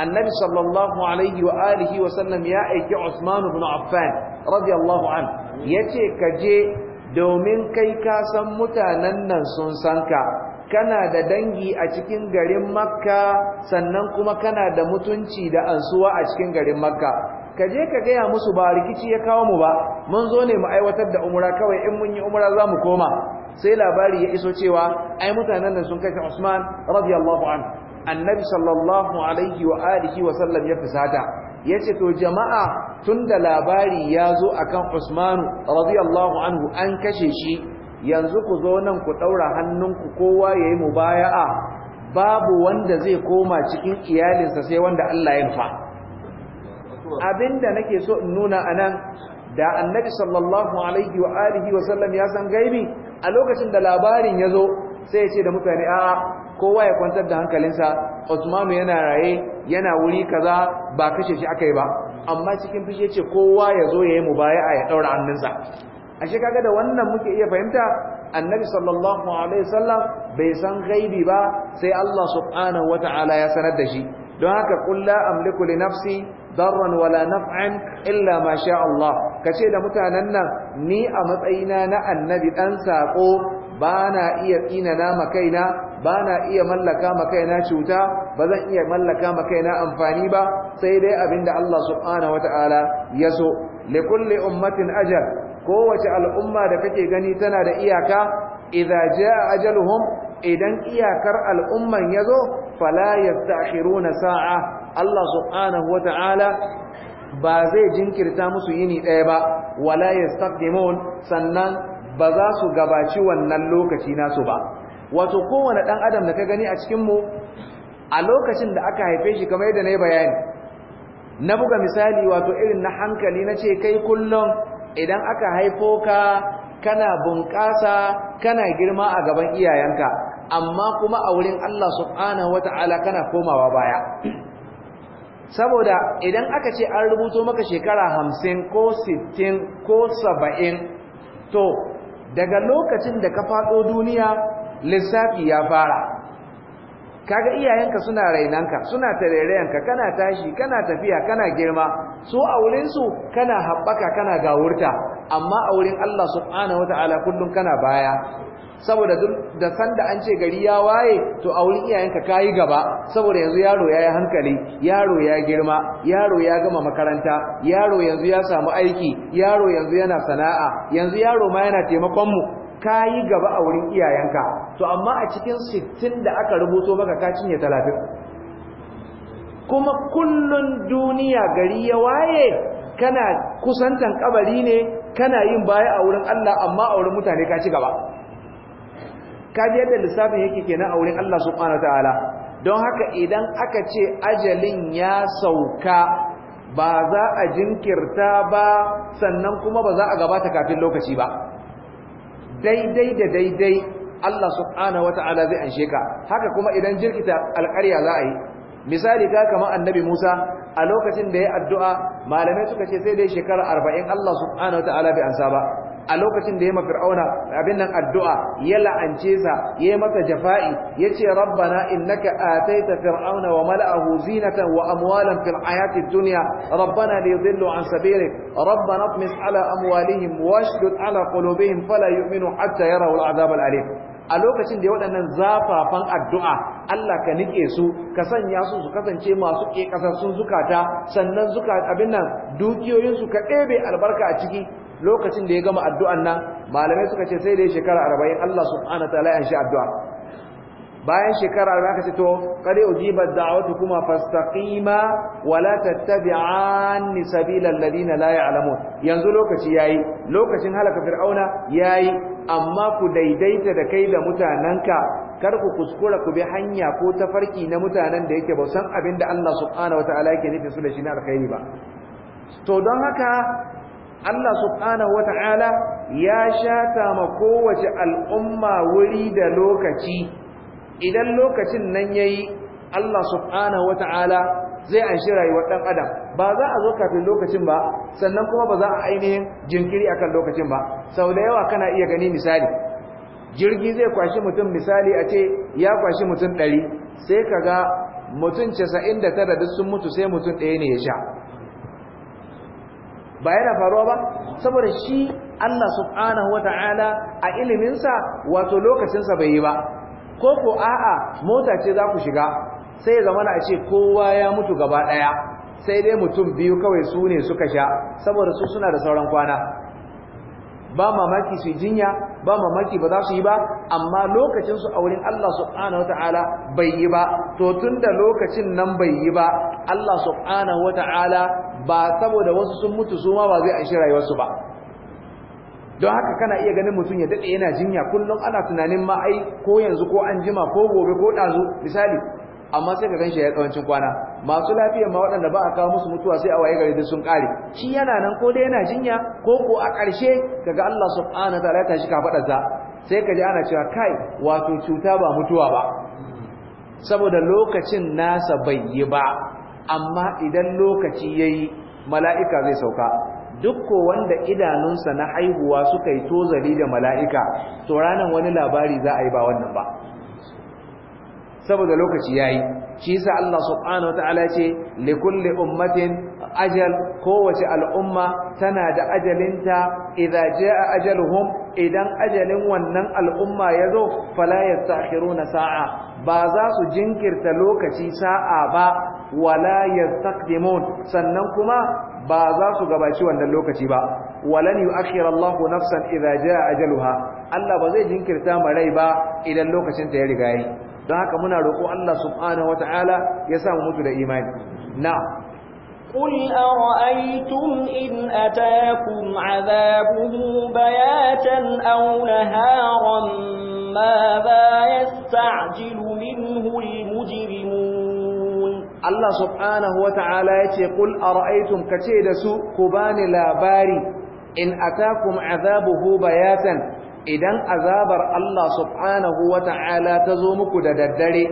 annabi sallallahu alaihi wa alihi wa sallam ya aiki Usman ibn Affan radiyallahu an yace ka je domin kai ka san mutanen nan sun san ka kana da dangi a cikin garin makka sannan kuma kana da mutunci da ansuwa a cikin garin makka ka je ka gaya musu ba rikici ya kawo mu ba mun zo ne mu aiwatar da umra kawai in mun yi umra za mu koma sai labari ya iso cewa ai mutanen nan sun kashe usman radiyallahu an annabi sallallahu alaihi wa alihi wa sallam ya fusata yace to jama'a tunda labari ya zo akan usman radiyallahu anhu an kashe shi yanzu ku zo nan ku ɗaura hannunku kowa ya yi mubaya'a babu wanda zai koma cikin iyalinsa sai wanda Allah ya nufa abinda nake so in nuna a nan da annabi sallallahu alaihi wa alihi wa sallam ya san gaibi a lokacin da labarin ya zo sai ya ce da mutane a kowa ya kwantar da hankalinsa Osmanu yana raye yana wuri kaza ba kashe shi aka yi ba amma cikin fushe ce kowa ya zo ya yi mubaya'a ya ɗaura hannunsa ashe kaga da wannan muke iya fahimta annabi sallallahu alaihi wasallam bai san ghaibi ba sai Allah subhanahu wataala ya sanar da shi don haka qul amliku li nafsi darran wala naf'an illa ma sha Allah kace da mutanen nan ni a matsayina na annabi dan sako bana iya tsina na makaina bana iya mallaka makaina cuta bazan iya mallaka makaina amfani ba sai dai abinda Allah subhanahu wataala ya so likulli ummatin ajal kowace al'umma da kake gani tana da iyaka idza jaa ajaluhum idan iyakar al'umman yazo fala yasta'khiruna sa'a Allah subhanahu ta’ala ba zai jinkirta musu yini ɗaya ba wala yastaqdimun sannan ba za su gabaci wannan lokaci nasu ba wato kowane ɗan adam da ka gani a cikin mu a lokacin da aka haife shi kamar yadda na yi bayani na buga misali wato irin na hankali na ce kai kullum idan aka haifo ka kana bunƙasa kana girma a gaban iyayenka amma kuma a wurin Allah subhanahu wata'ala kana komawa baya saboda idan aka ce an rubuto maka shekara hamsin ko sittin ko saba'in to daga lokacin da ka faɗo duniya lissafi ya fara kaga iyayenka suna rainanka suna tarerayanka kana tashi kana tafiya kana girma su a wurin su kana haɓaka kana gawurta amma a wurin Allah subhanahu wataala kullum kana baya saboda da sanda an ce gari ya waye to a wurin iyayenka kayi gaba saboda yanzu yaro yayi hankali yaro ya girma yaro ya gama makaranta yaro yanzu ya samu aiki yaro yanzu yana sana'a yanzu yaro ma yana taimakon mu ka yi gaba a wurin iyayenka to amma a cikin sittin da aka rubuto maka ka cinye talatin kuma kullun duniya gari ya waye kana kusantan kabari ne kana yin baya a wurin Allah amma a wurin mutane ka ci gaba kaji yadda lissafin yake kenan a wurin Allah subhanahu wataala don haka idan aka ce ajalin ya sauka ba za a jinkirta ba sannan kuma ba za a gabata kafin lokaci ba daidai da daidai Allah subhanahu wataala zai anshe ka haka kuma idan jirkita alƙarya za a yi misali ka kama annabi Musa a lokacin da ya addu'a malamai suka ce sai dai shekara arba'in Allah subhanahu wataala bai ansa ba a lokacin da ya fir'auna abin nan addu'a ya la'ance sa ya yi masa jafa'i ya ce rabbana innaka ataita fir'auna wa mala'ahu zinatan wa amwalan fil hayati dunya rabbana li yudillu an sabilik rabbana atmis ala amwalihim washdud ala qulubihim fala yu'minu hatta yarawu al'azab al'alim a lokacin da waɗannan zafafan addu'a Allah ka nike su ka sanya su su kasance masu ƙeƙasassun zukata sannan zuka abin nan dukiyoyinsu ka ɗebe albarka a ciki lokacin da ya gama addu'an nan malamai suka ce sai da ya shekara arba'in Allah subhanahu ta ya shi addu'a bayan shekara arba'in aka ce to qad ujibat da'watukuma fastaqima wa la tattabi'anni sabilal ladina la ya'lamun yanzu lokaci yayi lokacin halaka fir'auna yayi amma ku daidaita da kai da mutananka kar ku kuskura ku bi hanya ko tafarki na mutanen da yake ba san abin da Allah subhanahu wataala yake nufi su da shi na alkhairi ba to don haka Allah subhanahu wata'ala ya shata ma kowace al'umma wuri da lokaci idan lokacin nan yayi Allah subhanahu wata'ala zai anshi rayuwar ɗan adam ba za a zo kafin lokacin ba sannan kuma ba za a ainihin jinkiri akan lokacin ba sau da yawa kana iya gani misali jirgi zai kwashi mutum misali a ce ya kwashi mutum ɗari sai ka ga mutum casa'in da tara duk sun mutu sai mutum ɗaya ne ya sha ba yana faruwa ba saboda shi Allah subhanahu wata'ala a iliminsa wato lokacinsa bai yi ba ko ko a'a mota ce za ku shiga sai zama na ce kowa ya mutu gaba ɗaya sai dai mutum biyu kawai su ne suka sha saboda su suna da sauran kwana ba mamaki su jinya ba mamaki ba za su yi ba amma lokacinsu a wurin Allah subhanahu wata'ala bai yi ba to tunda lokacin nan bai yi ba Allah subhanahu wata'ala ba saboda wasu sun mutu su ma ba zai anshi rayuwarsu ba don haka kana iya ganin mutum ya daɗe yana jinya kullum ana tunanin ma ai ko yanzu ko an jima ko gobe ko ɗazu misali amma sai ka ganshi ya tsawancin kwana masu lafiyar ma waɗanda ba a kawo musu mutuwa sai a waye gari duk sun ƙare shi yana nan ko dai yana jinya ko ko a ƙarshe kaga Allah subhanahu wataala ya tashi kafaɗarsa sai ka ji ana cewa kai wato cuta ba mutuwa ba saboda lokacin nasa bai yi ba amma idan lokaci ya yi, mala'ika zai sauka dukko wanda idanunsa na haihuwa suka yi tozali da mala'ika to ranar wani labari za a yi ba wannan ba saboda lokaci ya yayi shi sa Allah subhanahu wa Ta'ala ce likulli ummatin ajal kowace al'umma tana da ajalinta je a ajaluhum idan ajalin wannan al'umma zo, fala falayar sa'a ba za su jinkirta lokaci sa'a ba wala takdimon sannan kuma ba za su gabaci wannan lokaci ba walan yu'akhir Allahu nafsan idza a ajaluha Allah ba zai jinkirta ma rai ba idan lokacin ta ya riga yi don haka muna roƙo Allah subhanahu ta'ala ya sa mutu da imani na قل أرأيتم إن أتاكم عذابه بياتا أو نهارا ماذا يستعجل منه المجرمون Allah subhanahu wa ta'ala ya ce kul ara'aytum kace da su ku bani labari in atakum azabuhu bayatan idan azabar Allah subhanahu wa ta'ala ta zo muku da daddare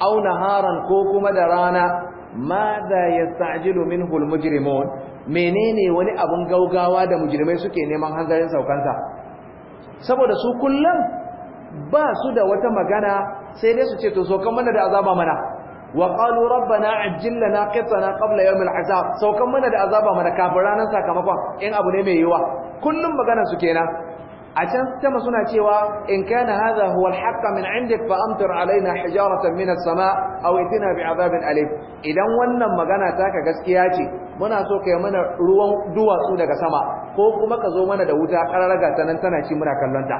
aw haran ko kuma da rana madha yasta'jilu minhu almujrimun menene wani abun gaugawa da mujrimai suke neman hanzarin saukanta saboda su kullum ba su da wata magana sai dai su ce to so kan mana da azaba mana wa qalu rabbana ajjil lana qitana qabla yawm al'azab saukan mana da azaba mana kafin ranar sakamakon in abu ne mai yiwa kullum magana su kenan a can sama suna cewa in kana hadha huwa al-haqq min 'indik fa amtir alaina hijaratan min as-sama' aw itina bi'adabin alim idan wannan magana ta ka gaskiya ce muna so kai mana ruwan duwatsu daga sama ko kuma ka zo mana da wuta kararraga ta nan tana ci muna kallon ta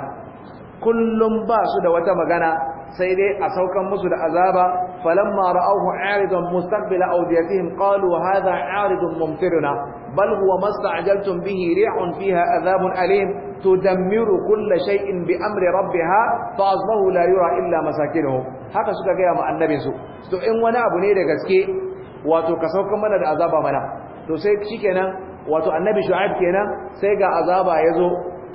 kullum ba su da wata magana sai dai a saukan musu da azaba falamma ra'awhu 'aridan mustaqbila awdiyatihim qalu hadha 'aridun mumtiruna بل هو ما استعجلتم به ريح فيها عذاب أليم تدمر كل شيء بأمر ربها فأصبحوا لا يرى illa مساكنهم haka suka gaya ma annabinsu to in wani abu ne da gaske wato ka saukan mana da azaba mana to sai shikenan wato annabi shu'aib kenan sai ga azaba yazo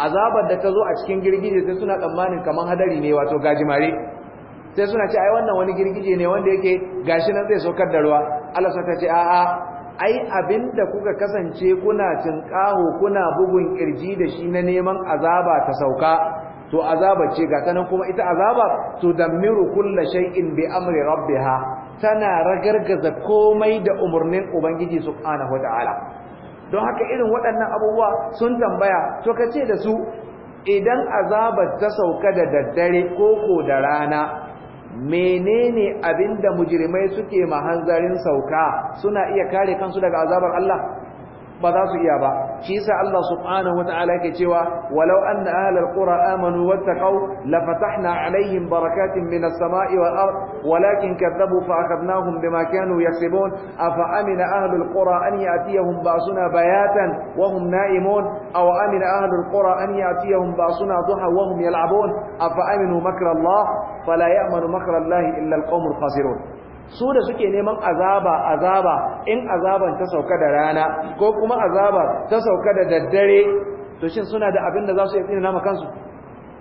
azabar da ta zo a cikin girgije sai suna tsammanin kamar hadari ne wato gajimare sai suna ce ai wannan wani girgije ne wanda yake gashi nan zai saukar da ruwa Allah saka ce a'a ai abinda kuka kasance kuna tinkaho kuna bugun kirji da shi na neman azaba ta sauka to azaba ce ga tanan kuma ita azaba damiru kullu shay'in bi amri rabbiha tana ragargaza komai da umurnin ubangiji subhanahu wataala don haka irin waɗannan abubuwa sun tambaya to kace da su idan azabar ta sauka da daddare ko ko da rana menene abinda mujrimai suke mahanzarin sauka suna iya kare kansu daga azabar Allah ba za su iya ba shi yasa Allah subhanahu wataala yake cewa walau anna ahlal qura amanu wattaqau la fatahna alaihim barakatin minas samai wal ard walakin kadzabu fa akhadnahum bima kanu yaksibun afa amina ahlul qura an yatiyahum ba'suna bayatan wa hum na'imun aw amina ahlul qura an yatiyahum ba'suna duha wa hum yal'abun afa aminu makra Allah fala ya'manu makarallahi illa alqawmul khasirun su da suke neman azaba azaba in azaban ta sauka da rana ko kuma azaba ta sauka da daddare to shin suna da abin da za su iya tsina nama kansu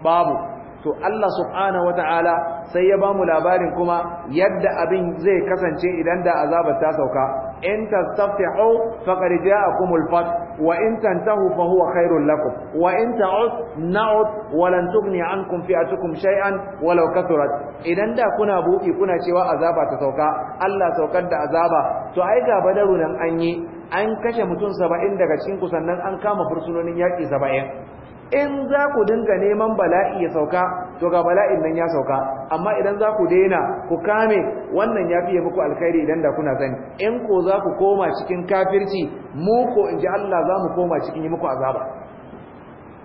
babu to Allah subhanahu wata'ala sai ya bamu labarin kuma yadda abin zai kasance idan da azabar ta sauka in tastaftihu faqad ja'akumul fath wa in tantahu fa huwa khairul lakum wa in ta'ud na'ud wa lan tughni ankum fi'atukum shay'an walau kathurat idan da kuna buki kuna cewa azaba ta sauka Allah saukar da azaba to ai ga badaru nan an yi an kashe mutum 70 daga cikin ku sannan an kama fursunonin yaki 70 in za ku dinga neman bala'i ya sauka to ga bala'in nan ya sauka amma idan za ku daina ku kame wannan ya fiye muku alkhairi idan da kuna sani in ko za ku koma cikin kafirci mu ko in ji Allah za mu koma cikin yi muku azaba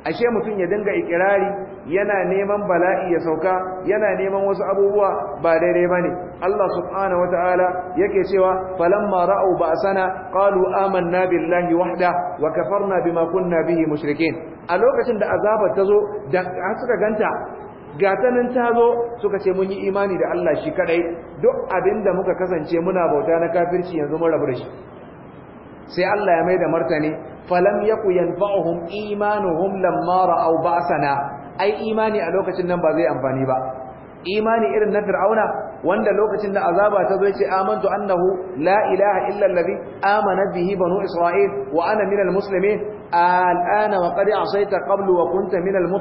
ashe mutum ya dinga ikirari yana neman bala'i ya sauka yana neman wasu abubuwa ba daidai bane Allah subhanahu wataala yake cewa falamma ra'u ba'sana qalu amanna billahi wahda wa kafarna bima kunna bihi mushrikeen a lokacin da azabar ta zo da suka ganta gatanin ta zo suka ce mun yi imani da Allah shi kadai duk abinda muka kasance muna bauta na kafirci yanzu mun rabu da shi sai Allah ya mai da martani falam yaku yanfa'uhum imanuhum lamma ra'aw ba'sana ai imani a lokacin nan ba zai amfani ba imani irin na fir'auna wanda lokacin da azaba ta zo yace amantu annahu la ilaha illa allazi amana bihi banu isra'il wa ana minal muslimin al'ana wa sai asaita ƙa'blu wa kunta min al ma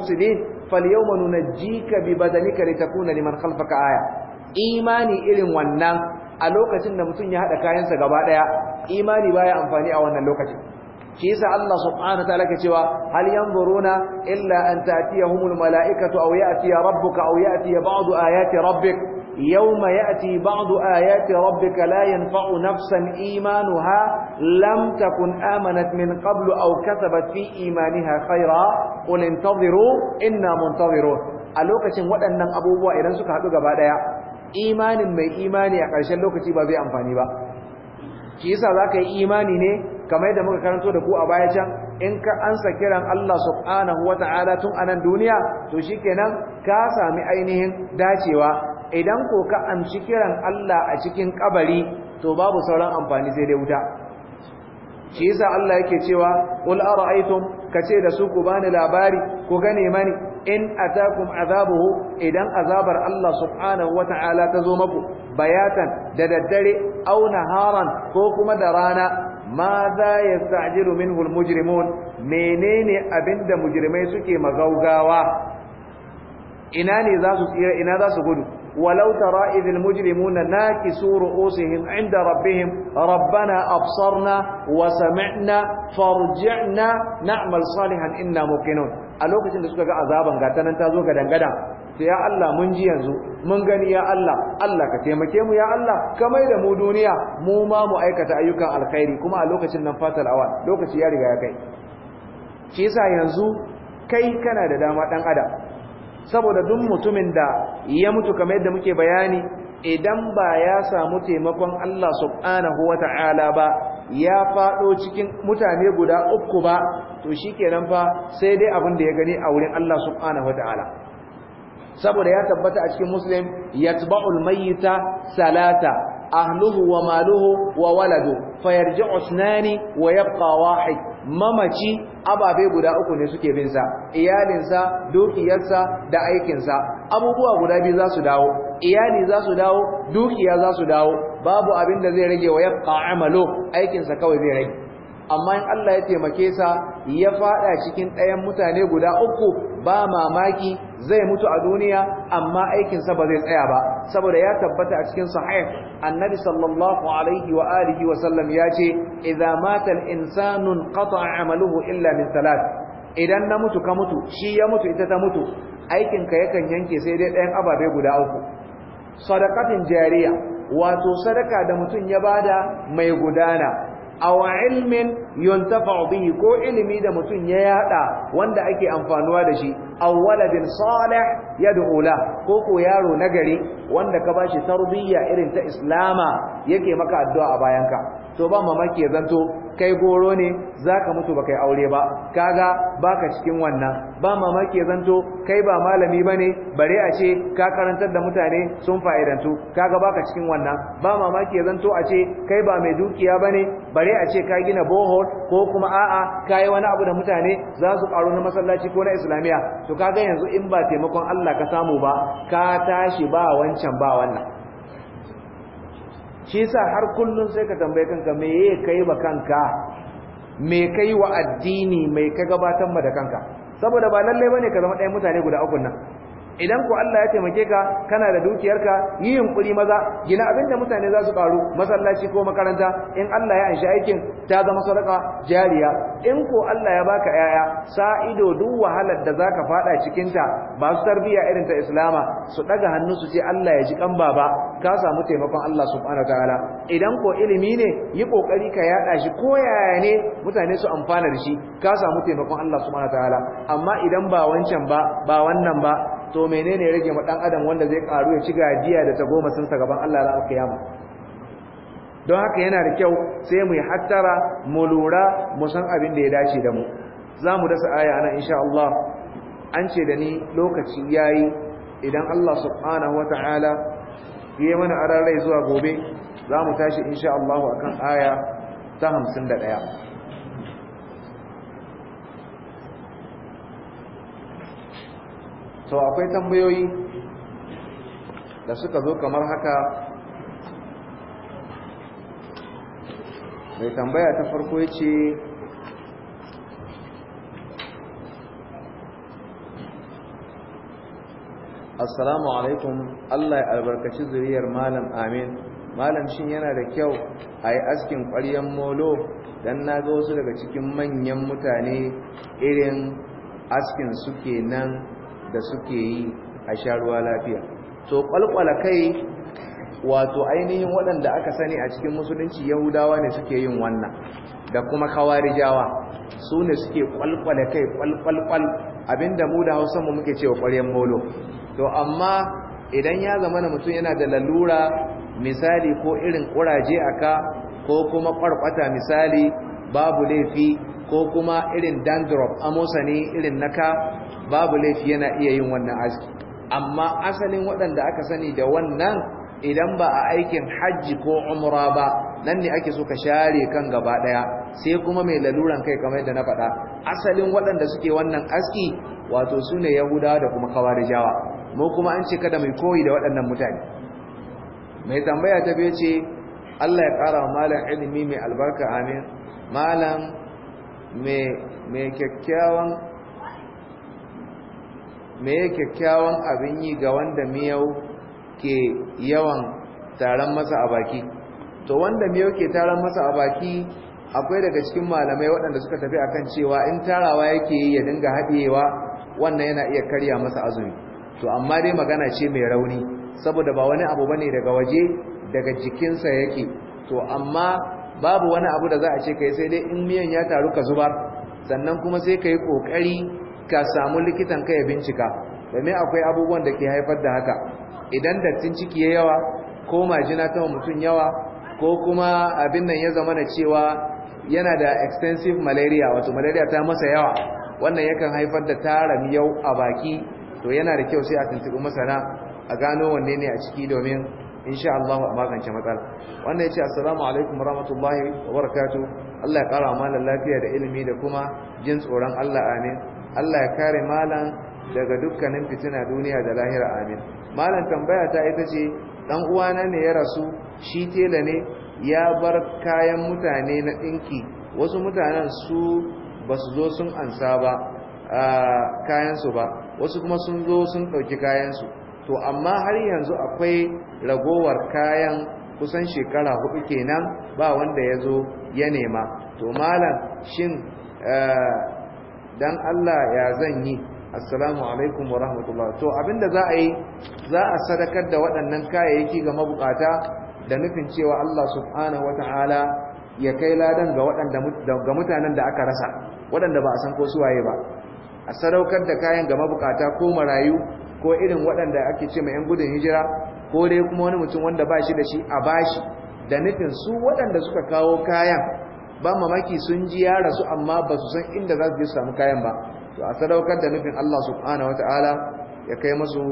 falyawma jika bi badanika litakuna liman khalfaka aya imani irin wannan a lokacin da mutum ya haɗa kayansa gaba ɗaya imani baya amfani a wannan lokacin shi sa Allah subhanahu ta ke cewa hal yanzuruna illa an ta'tiyahumul mala'ikatu aw ya'tiya rabbuka aw ya'tiya a ayati rabbik يوم يأتي بعض آيات ربك لا ينفع نفسا إيمانها لم تكن آمنت من قبل أو كتبت في إيمانها خيرا قل انتظروا إنا منتظرون ألوكة وأن أبوه إذن سكهدو قبادا إيمان ما إيماني أقرشان لوكة بي أنفاني با كيسا ذاك إيماني ني كما يدى مكا كانتو دكو أبايا in ka ansa kiran الله سبحانه وتعالى tun الدنيا duniya كاسا shikenan داتي sami idan ko ka amshi kiran Allah a cikin kabari to babu sauran amfani sai dai wuta shi yasa Allah yake cewa qul ara'aytum kace da su ku bani labari ku gane mani in atakum azabuhu idan azabar Allah subhanahu wata'ala ta zo maku bayatan da daddare aw naharan ko kuma da rana ma za yastajilu minhu almujrimun menene abinda mujrimai suke magaugawa ina ne za su tsira ina za su gudu ولو ترى إذ المجرمون ناكسوا رؤوسهم عند ربهم ربنا أبصرنا وسمعنا فارجعنا نعمل صالحا إنا موقنون a lokacin da suka ga azaban gata nan ta zo ga dangada sai ya Allah mun ji yanzu mun gani ya Allah Allah ka taimake mu ya Allah ka mai da mu duniya mu ma mu aikata ayyukan alkhairi kuma a lokacin nan fatal awan lokaci ya riga ya kai shi yanzu kai kana da dama ɗan adam saboda duk mutumin da ya mutu kamar yadda muke bayani idan ba ya samu taimakon Allah subhanahu wata'ala ba ya fado cikin mutane guda uku ba to shi shikenan fa sai dai abin da ya gani a wurin Allah subhanahu wata'ala saboda ya tabbata a cikin muslim yatba'ul mayyita salata ahluhu wa maluhu wa waladu fayarji'u ithnani wa yabqa wahid mamaci ababe guda uku ne suke bin sa iyalinsa dukiyarsa da aikinsa abubuwa guda biyu za su dawo iyali za su dawo dukiya za su dawo babu abin da zai rage wa yabqa amalo aikinsa kawai zai rage amma in Allah ya taimake sa ya fada cikin ɗayan mutane guda uku ba mamaki zai mutu a duniya amma aikinsa ba zai tsaya ba saboda ya tabbata a cikin sahih annabi sallallahu alaihi wa alihi wa sallam ya ce idza mata al-insanu qata'a 'amaluhu illa min thalath idan na mutu ka mutu shi ya mutu ita ta mutu aikinka yakan yanke sai dai ɗayan ababe guda uku sadaqatin jariya wato sadaka da mutum ya bada mai gudana awa ilmin yuntafa'u bihi ko ilimi da mutum ya yada wanda ake amfanuwa da shi aw waladin salih yad'u la ko ko yaro nagari wanda ka bashi tarbiyya irin ta islama yake maka addu'a a bayanka to ba mamaki ya zanto kai goro ne zaka mutu ba kai aure ba kaga baka cikin wannan ba mamaki ya zanto kai ba malami bane bare a ce ka karantar da mutane sun fa'idantu kaga baka cikin wannan ba mamaki ya zanto a ce kai ba mai dukiya bane bare a ce ka gina bohol ko kuma a'a kai wani abu da mutane za su karo na masallaci ko na islamiyya? to kaga yanzu in ba taimakon Allah ka samu ba ka tashi ba wancan ba wannan shi sa har kullum sai ka tambaye kanka me ya kai wa kanka me kai wa addini me ka gabatar ma da kanka saboda ba lalle ne ka zama ɗayan mutane guda ukun nan idan ku Allah ya taimake ka kana da dukiyarka yi yunkuri maza gina abin da mutane za su karu masallaci ko makaranta in Allah ya anshi aikin ta zama sadaka jariya in ko Allah ya baka yaya sa ido duk wahalar da zaka fada cikin ta ba su tarbiya irin ta islama su daga hannu su ce Allah ya ji kan baba ka samu taimakon Allah subhanahu wataala idan ko ilimi ne yi kokari ka yada shi ko yaya ne mutane su amfana da shi ka samu taimakon Allah subhanahu wataala amma idan ba wancan ba ba wannan ba to menene rage ma dan adam wanda zai karu ya ci gajiya da ta goma sun sa gaban Allah ran kiyama? don haka yana da kyau sai mu yi hattara mu lura mu san abin da ya dace da mu za mu dasa aya nan insha Allah an ce da ni lokaci yayi idan Allah subhanahu wataala yi mana aran rai zuwa gobe za mu tashi insha Allah akan aya ta 51 to akwai tambayoyi da suka zo kamar haka mai tambaya ta farko ya ce assalamu alaikum allah ya albarkaci zuriyar malam amin malam shin yana da kyau a yi askin ƙwaryen molo don na ga wasu daga cikin manyan mutane irin askin suke nan da suke yi a sha lafiya to kwalkwala kai wato ainihin waɗanda aka sani a cikin musulunci yahudawa ne suke yin wannan da kuma kawarijawa su ne suke kwalkwala kai kwalkwalkwal abinda mu da hausa mu muke cewa ƙwaryen molo to amma idan ya zama na mutum yana da lalura misali ko irin ƙuraje a ka, ko kuma ƙwarƙwata misali babu laifi ko kuma irin dandrop amosa ne irin naka babu laifi yana iya yin wannan aski amma asalin waɗanda aka sani da wannan idan ba a aikin hajji ko umra ba nan ne ake so ka share kan gaba ɗaya sai kuma mai laluran kai kamar yadda na faɗa asalin waɗanda suke wannan aski wato su ne yahudawa da kuma kawarijawa mu kuma an ce kada mai koyi da waɗannan mutane mai tambaya ta biyu ce Allah ya ƙara wa malam ilimi mai albarka amin malam mai kyakkyawan me ya kyakkyawan abin yi ga wanda miyau ke yawan taron masa a baki to wanda miyau ke taron masa a baki akwai daga cikin malamai waɗanda suka tafi a kan cewa in tarawa yake yi ya dinga haɗewa wannan yana iya karya masa azumi to amma dai magana ce mai rauni saboda ba wani abu bane daga waje daga jikinsa yake to amma babu wani abu da za a ce kai sai dai in miyan ya taru ka zubar sannan kuma sai ka yi ƙoƙari ka samu likitan ka ya bincika domin akwai abubuwan da ke haifar da haka idan dattin ciki ya yawa ko majina ta mutum yawa ko kuma abin nan ya zama na cewa yana da extensive malaria wato malaria ta masa yawa wannan yakan haifar da tara yau a baki to yana da kyau sai a tuntuɓi masana a gano wanne ne a ciki domin in sha Allah a magance matsala wannan yace assalamu alaikum warahmatullahi wabarakatuh Allah ya kara mana lafiya da ilimi da kuma jin tsoron Allah amin Allah ya kare malam daga dukkanin fitina duniya da lahira amin Malam tambaya ta ita ce dan uwana ne ya rasu shi tela ne ya bar kayan mutane na dinki wasu mutanen su basu zo sun ansa ba kayan su ba wasu kuma sun zo sun dauki kayan su to amma har yanzu akwai ragowar kayan kusan shekara hudu kenan ba wanda ya zo ya nema to malam shin dan Allah ya zan yi assalamu alaikum wa rahmatullah to abinda za a yi za a sadakar da waɗannan kayayyaki ga mabukata da nufin cewa Allah subhanahu wataala ya kai ladan ga waɗanda ga mutanen da aka rasa waɗanda ba a san ko suwaye ba a sadaukar da kayan ga mabukata ko marayu ko irin waɗanda ake ce mai yan gudun hijira ko dai kuma wani mutum wanda ba shi da shi a bashi da nufin su waɗanda suka kawo kayan ba mamaki sun ji ya rasu amma ba su san inda za su je samu kayan ba to a sadaukar da nufin Allah subhanahu wataala ya kai masu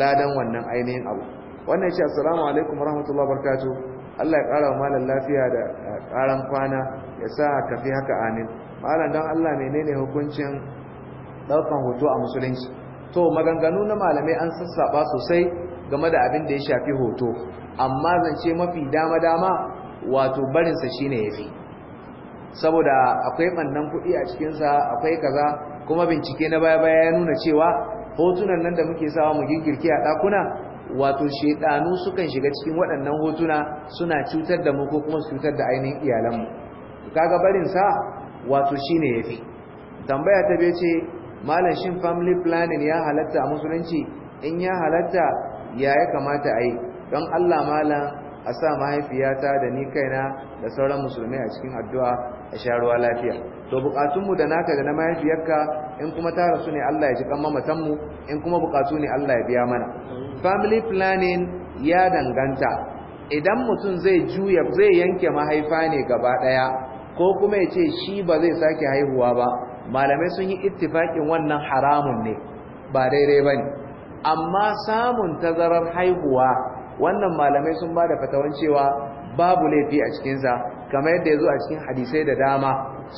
ladan wannan ainihin abu wannan shi assalamu alaikum warahmatullahi wabarakatuh Allah ya kara wa malam lafiya da karan eh, kwana ya sa ka fi haka amin malam dan Allah menene hukuncin daukan hoto a musulunci to maganganu na malamai an sassaba sosai game da abin da ya shafi hoto amma zance mafi dama dama wato barinsa shine yafi saboda akwai ɓannan kuɗi a cikinsa akwai kaza kuma bincike na baya-baya ya nuna cewa hotunan nan da muke sawa mu girgirki a ɗakuna wato shaidanu sukan shiga cikin waɗannan hotuna suna cutar da mu ko kuma cutar da ainihin iyalanmu kaga barin sa wato ya fi. tambaya ta bai ce malam shin family planning ya halatta a musulunci in ya halatta ya ya kamata a yi don Allah malam a sa mahaifiyata da ni kaina da sauran musulmai a cikin addu'a a sharuwa lafiya to bukatunmu da naka da na mahaifiyarka in kuma ta rasu ne Allah ya ji kan mu in kuma bukatu ne Allah ya biya mana family planning ya danganta idan mutum zai juya zai yanke mahaifa ne gaba daya ko kuma ya ce shi ba zai sake haihuwa ba malamai sun yi ittifakin wannan haramun ne ba daidai bane amma samun tazarar haihuwa wannan malamai sun ba da fatawan cewa babu laifi a cikinsa kamar yadda ya zo a cikin hadisai da dama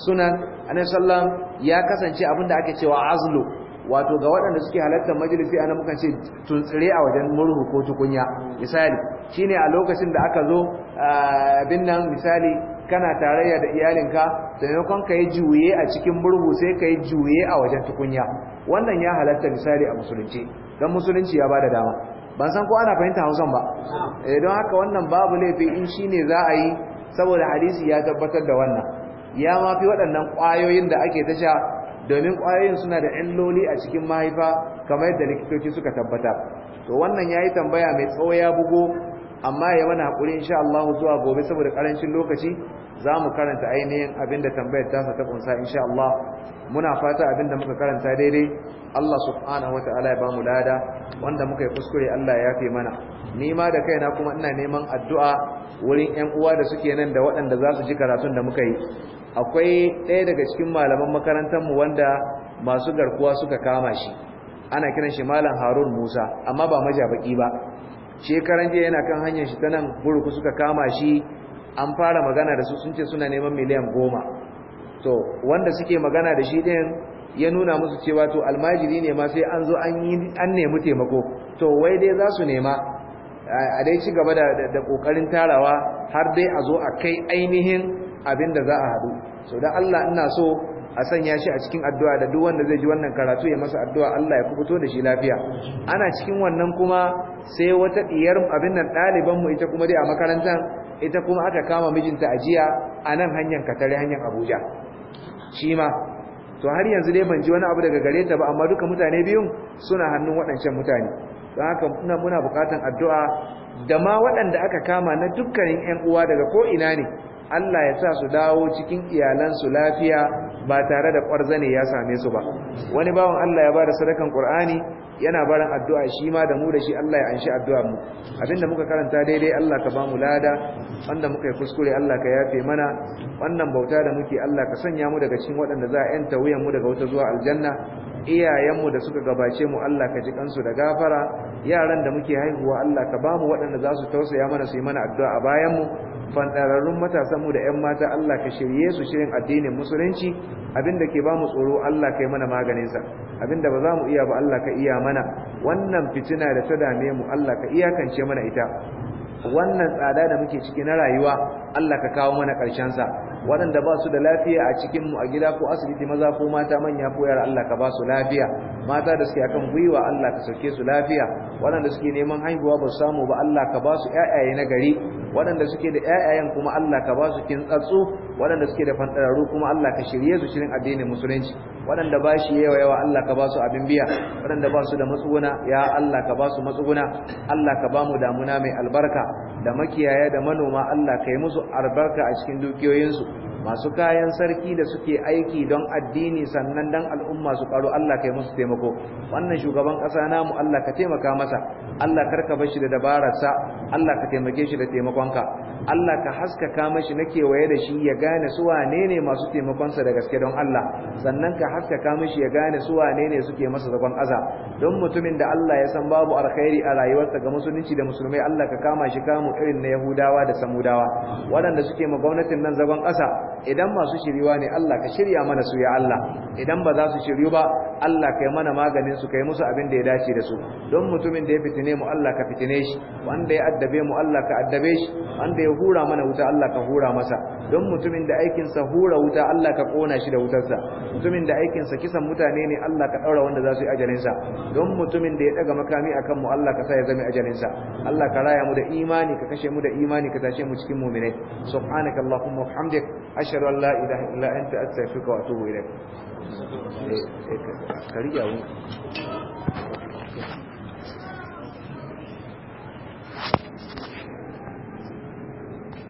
sunan annabi sallam ya kasance abin da ake cewa azlu wato ga waɗanda suke halartar majalisi ana mukan ce tuntsire a wajen murhu ko tukunya misali shine a lokacin da aka zo abin nan misali kana tarayya da iyalinka maimakon ka yi juye a cikin murhu sai ka yi juye a wajen tukunya wannan ya halarta misali a musulunci don musulunci ya ba da dama ban san ko ana fahimta hausan ba eh, don haka wannan babu laifi in shine za a yi saboda hadisi ya tabbatar da wannan ya ma fi waɗannan ƙwayoyin da ake ta sha domin ƙwayoyin suna da illoli a cikin mahaifa kamar yadda likitoci suka tabbata to wannan ya yi tambaya mai tsawo ya bugo amma ya mana haƙuri insha Allah zuwa gobe saboda ƙarancin lokaci za mu karanta ainihin abinda tambayar tasa ta kunsa insha Allah muna fata abinda muka karanta daidai Allah subhanahu wataala ya bamu lada wanda muka yi kuskure Allah ya yafe mana ni ma da kaina kuma ina neman addu'a wurin 'yan uwa da suke nan da waɗanda za su ji karatun da muka yi akwai ɗaya daga cikin malaman makarantar mu wanda masu garkuwa suka kama shi ana kiran shi malam Harun Musa amma ba majabaki ba shekaran jiya yana kan hanyar shi ta nan burku suka kama shi an fara magana da su sun ce suna neman miliyan goma to wanda suke magana da shi ɗin ya nuna musu cewa to almajiri ne ma sai an zo an nemi taimako to wai dai za su nema a dai ci gaba da ƙoƙarin tarawa har dai a zo a kai ainihin abin da za a haɗu so da Allah ina so a sanya shi a cikin addu'a da duk wanda zai ji wannan karatu ya masa addu'a Allah ya kubuto da shi lafiya ana cikin wannan kuma sai wata diyar abin nan ɗaliban mu ita kuma dai a makarantar ita kuma aka kama mijinta a jiya a nan hanyar katare hanyar abuja shi ma to har yanzu dai ban ji wani abu daga gare ta ba amma duka mutane biyun suna hannun waɗancan mutane don haka muna muna bukatan addu'a da ma waɗanda aka kama na dukkanin 'yan uwa daga ko ina ne Allah ya sa su dawo cikin iyalansu lafiya ba tare da ƙwarzane ya same su ba wani bawan Allah ya ba da sadakan Qur'ani yana barin addu'a shi ma da mu da shi Allah ya anshi addu'a mu abinda muka karanta daidai Allah ka bamu lada wanda muka yi kuskure Allah ka yafe mana wannan bauta da muke Allah ka sanya mu daga cikin waɗanda za a yanta wuyan mu daga wata zuwa aljanna iyayenmu da suka gabace mu Allah ka ji kansu da gafara yaran da muke haihuwa Allah ka bamu waɗanda za su tausaya mana su yi mana addu'a a bayan mu fandararrun mu da 'yan mata Allah ka shirye su shirin addinin musulunci abinda ke bamu tsoro Allah ka yi mana maganinsa abinda ba za mu iya ba Allah ka iya mana wannan fitina da ta dame mu Allah ka iyakance mana ita wannan tsada da muke ciki na rayuwa Allah ka kawo mana ƙarshen sa. waɗanda ba su da lafiya a cikin mu a gida ko asibiti maza ko mata manya ko yara Allah ka ba su lafiya mata da suke akan gwiwa Allah ka sauke su lafiya waɗanda suke neman haihuwa ba su samu ba Allah ka ba su ƴaƴaye na gari waɗanda suke da ƴaƴayen kuma Allah ka ba su kintsatsu waɗanda suke da fantararru kuma Allah ka shirye su cikin addinin musulunci waɗanda ba shi yawa yawa Allah ka ba su abin biya waɗanda ba su da matsuguna ya Allah ka ba su matsuguna Allah ka ba mu damuna mai albarka da makiyaya da manoma Allah ka yi musu albarka a cikin dukiyoyinsu masu kayan sarki da suke aiki don addini sannan don al'umma su karo Allah kai musu taimako wannan shugaban ƙasa namu Allah ka taimaka masa Allah karka bar shi da dabararsa Allah ka taimake shi da taimakonka Allah ka haskaka mashi na kewaye da shi ya gane su wane ne masu taimakonsa da gaske don Allah sannan ka haskaka mishi ya gane su wane ne suke masa zagon aza don mutumin da Allah ya san babu alkhairi a rayuwarsa ga musulunci da musulmai Allah ka kama shi kamu irin na Yahudawa da Samudawa waɗanda suke ma gwamnatin nan zagon ƙasa idan masu shiriwa ne Allah ka shirya mana su ya Allah idan ba za su shiryu ba Allah kai mana maganin su kai musu abin da ya dace da su don mutumin da ya fitine mu Allah ka fitine shi wanda ya addabe mu Allah ka addabe shi wanda ya hura mana wuta Allah ka hura masa don mutumin da aikinsa hura wuta Allah ka kona shi da wutarsa mutumin da aikinsa kisan mutane ne Allah ka ɗaura wanda za su yi ajalinsa don mutumin da ya daga makami a kanmu Allah ka sa ya zama ajalinsa Allah ka raya mu da imani ka kashe mu da imani ka tashe mu cikin muminai subhanaka allahumma wa bihamdik ashhadu an la ilaha illa anta astaghfiruka wa atubu ilaik eh, eh,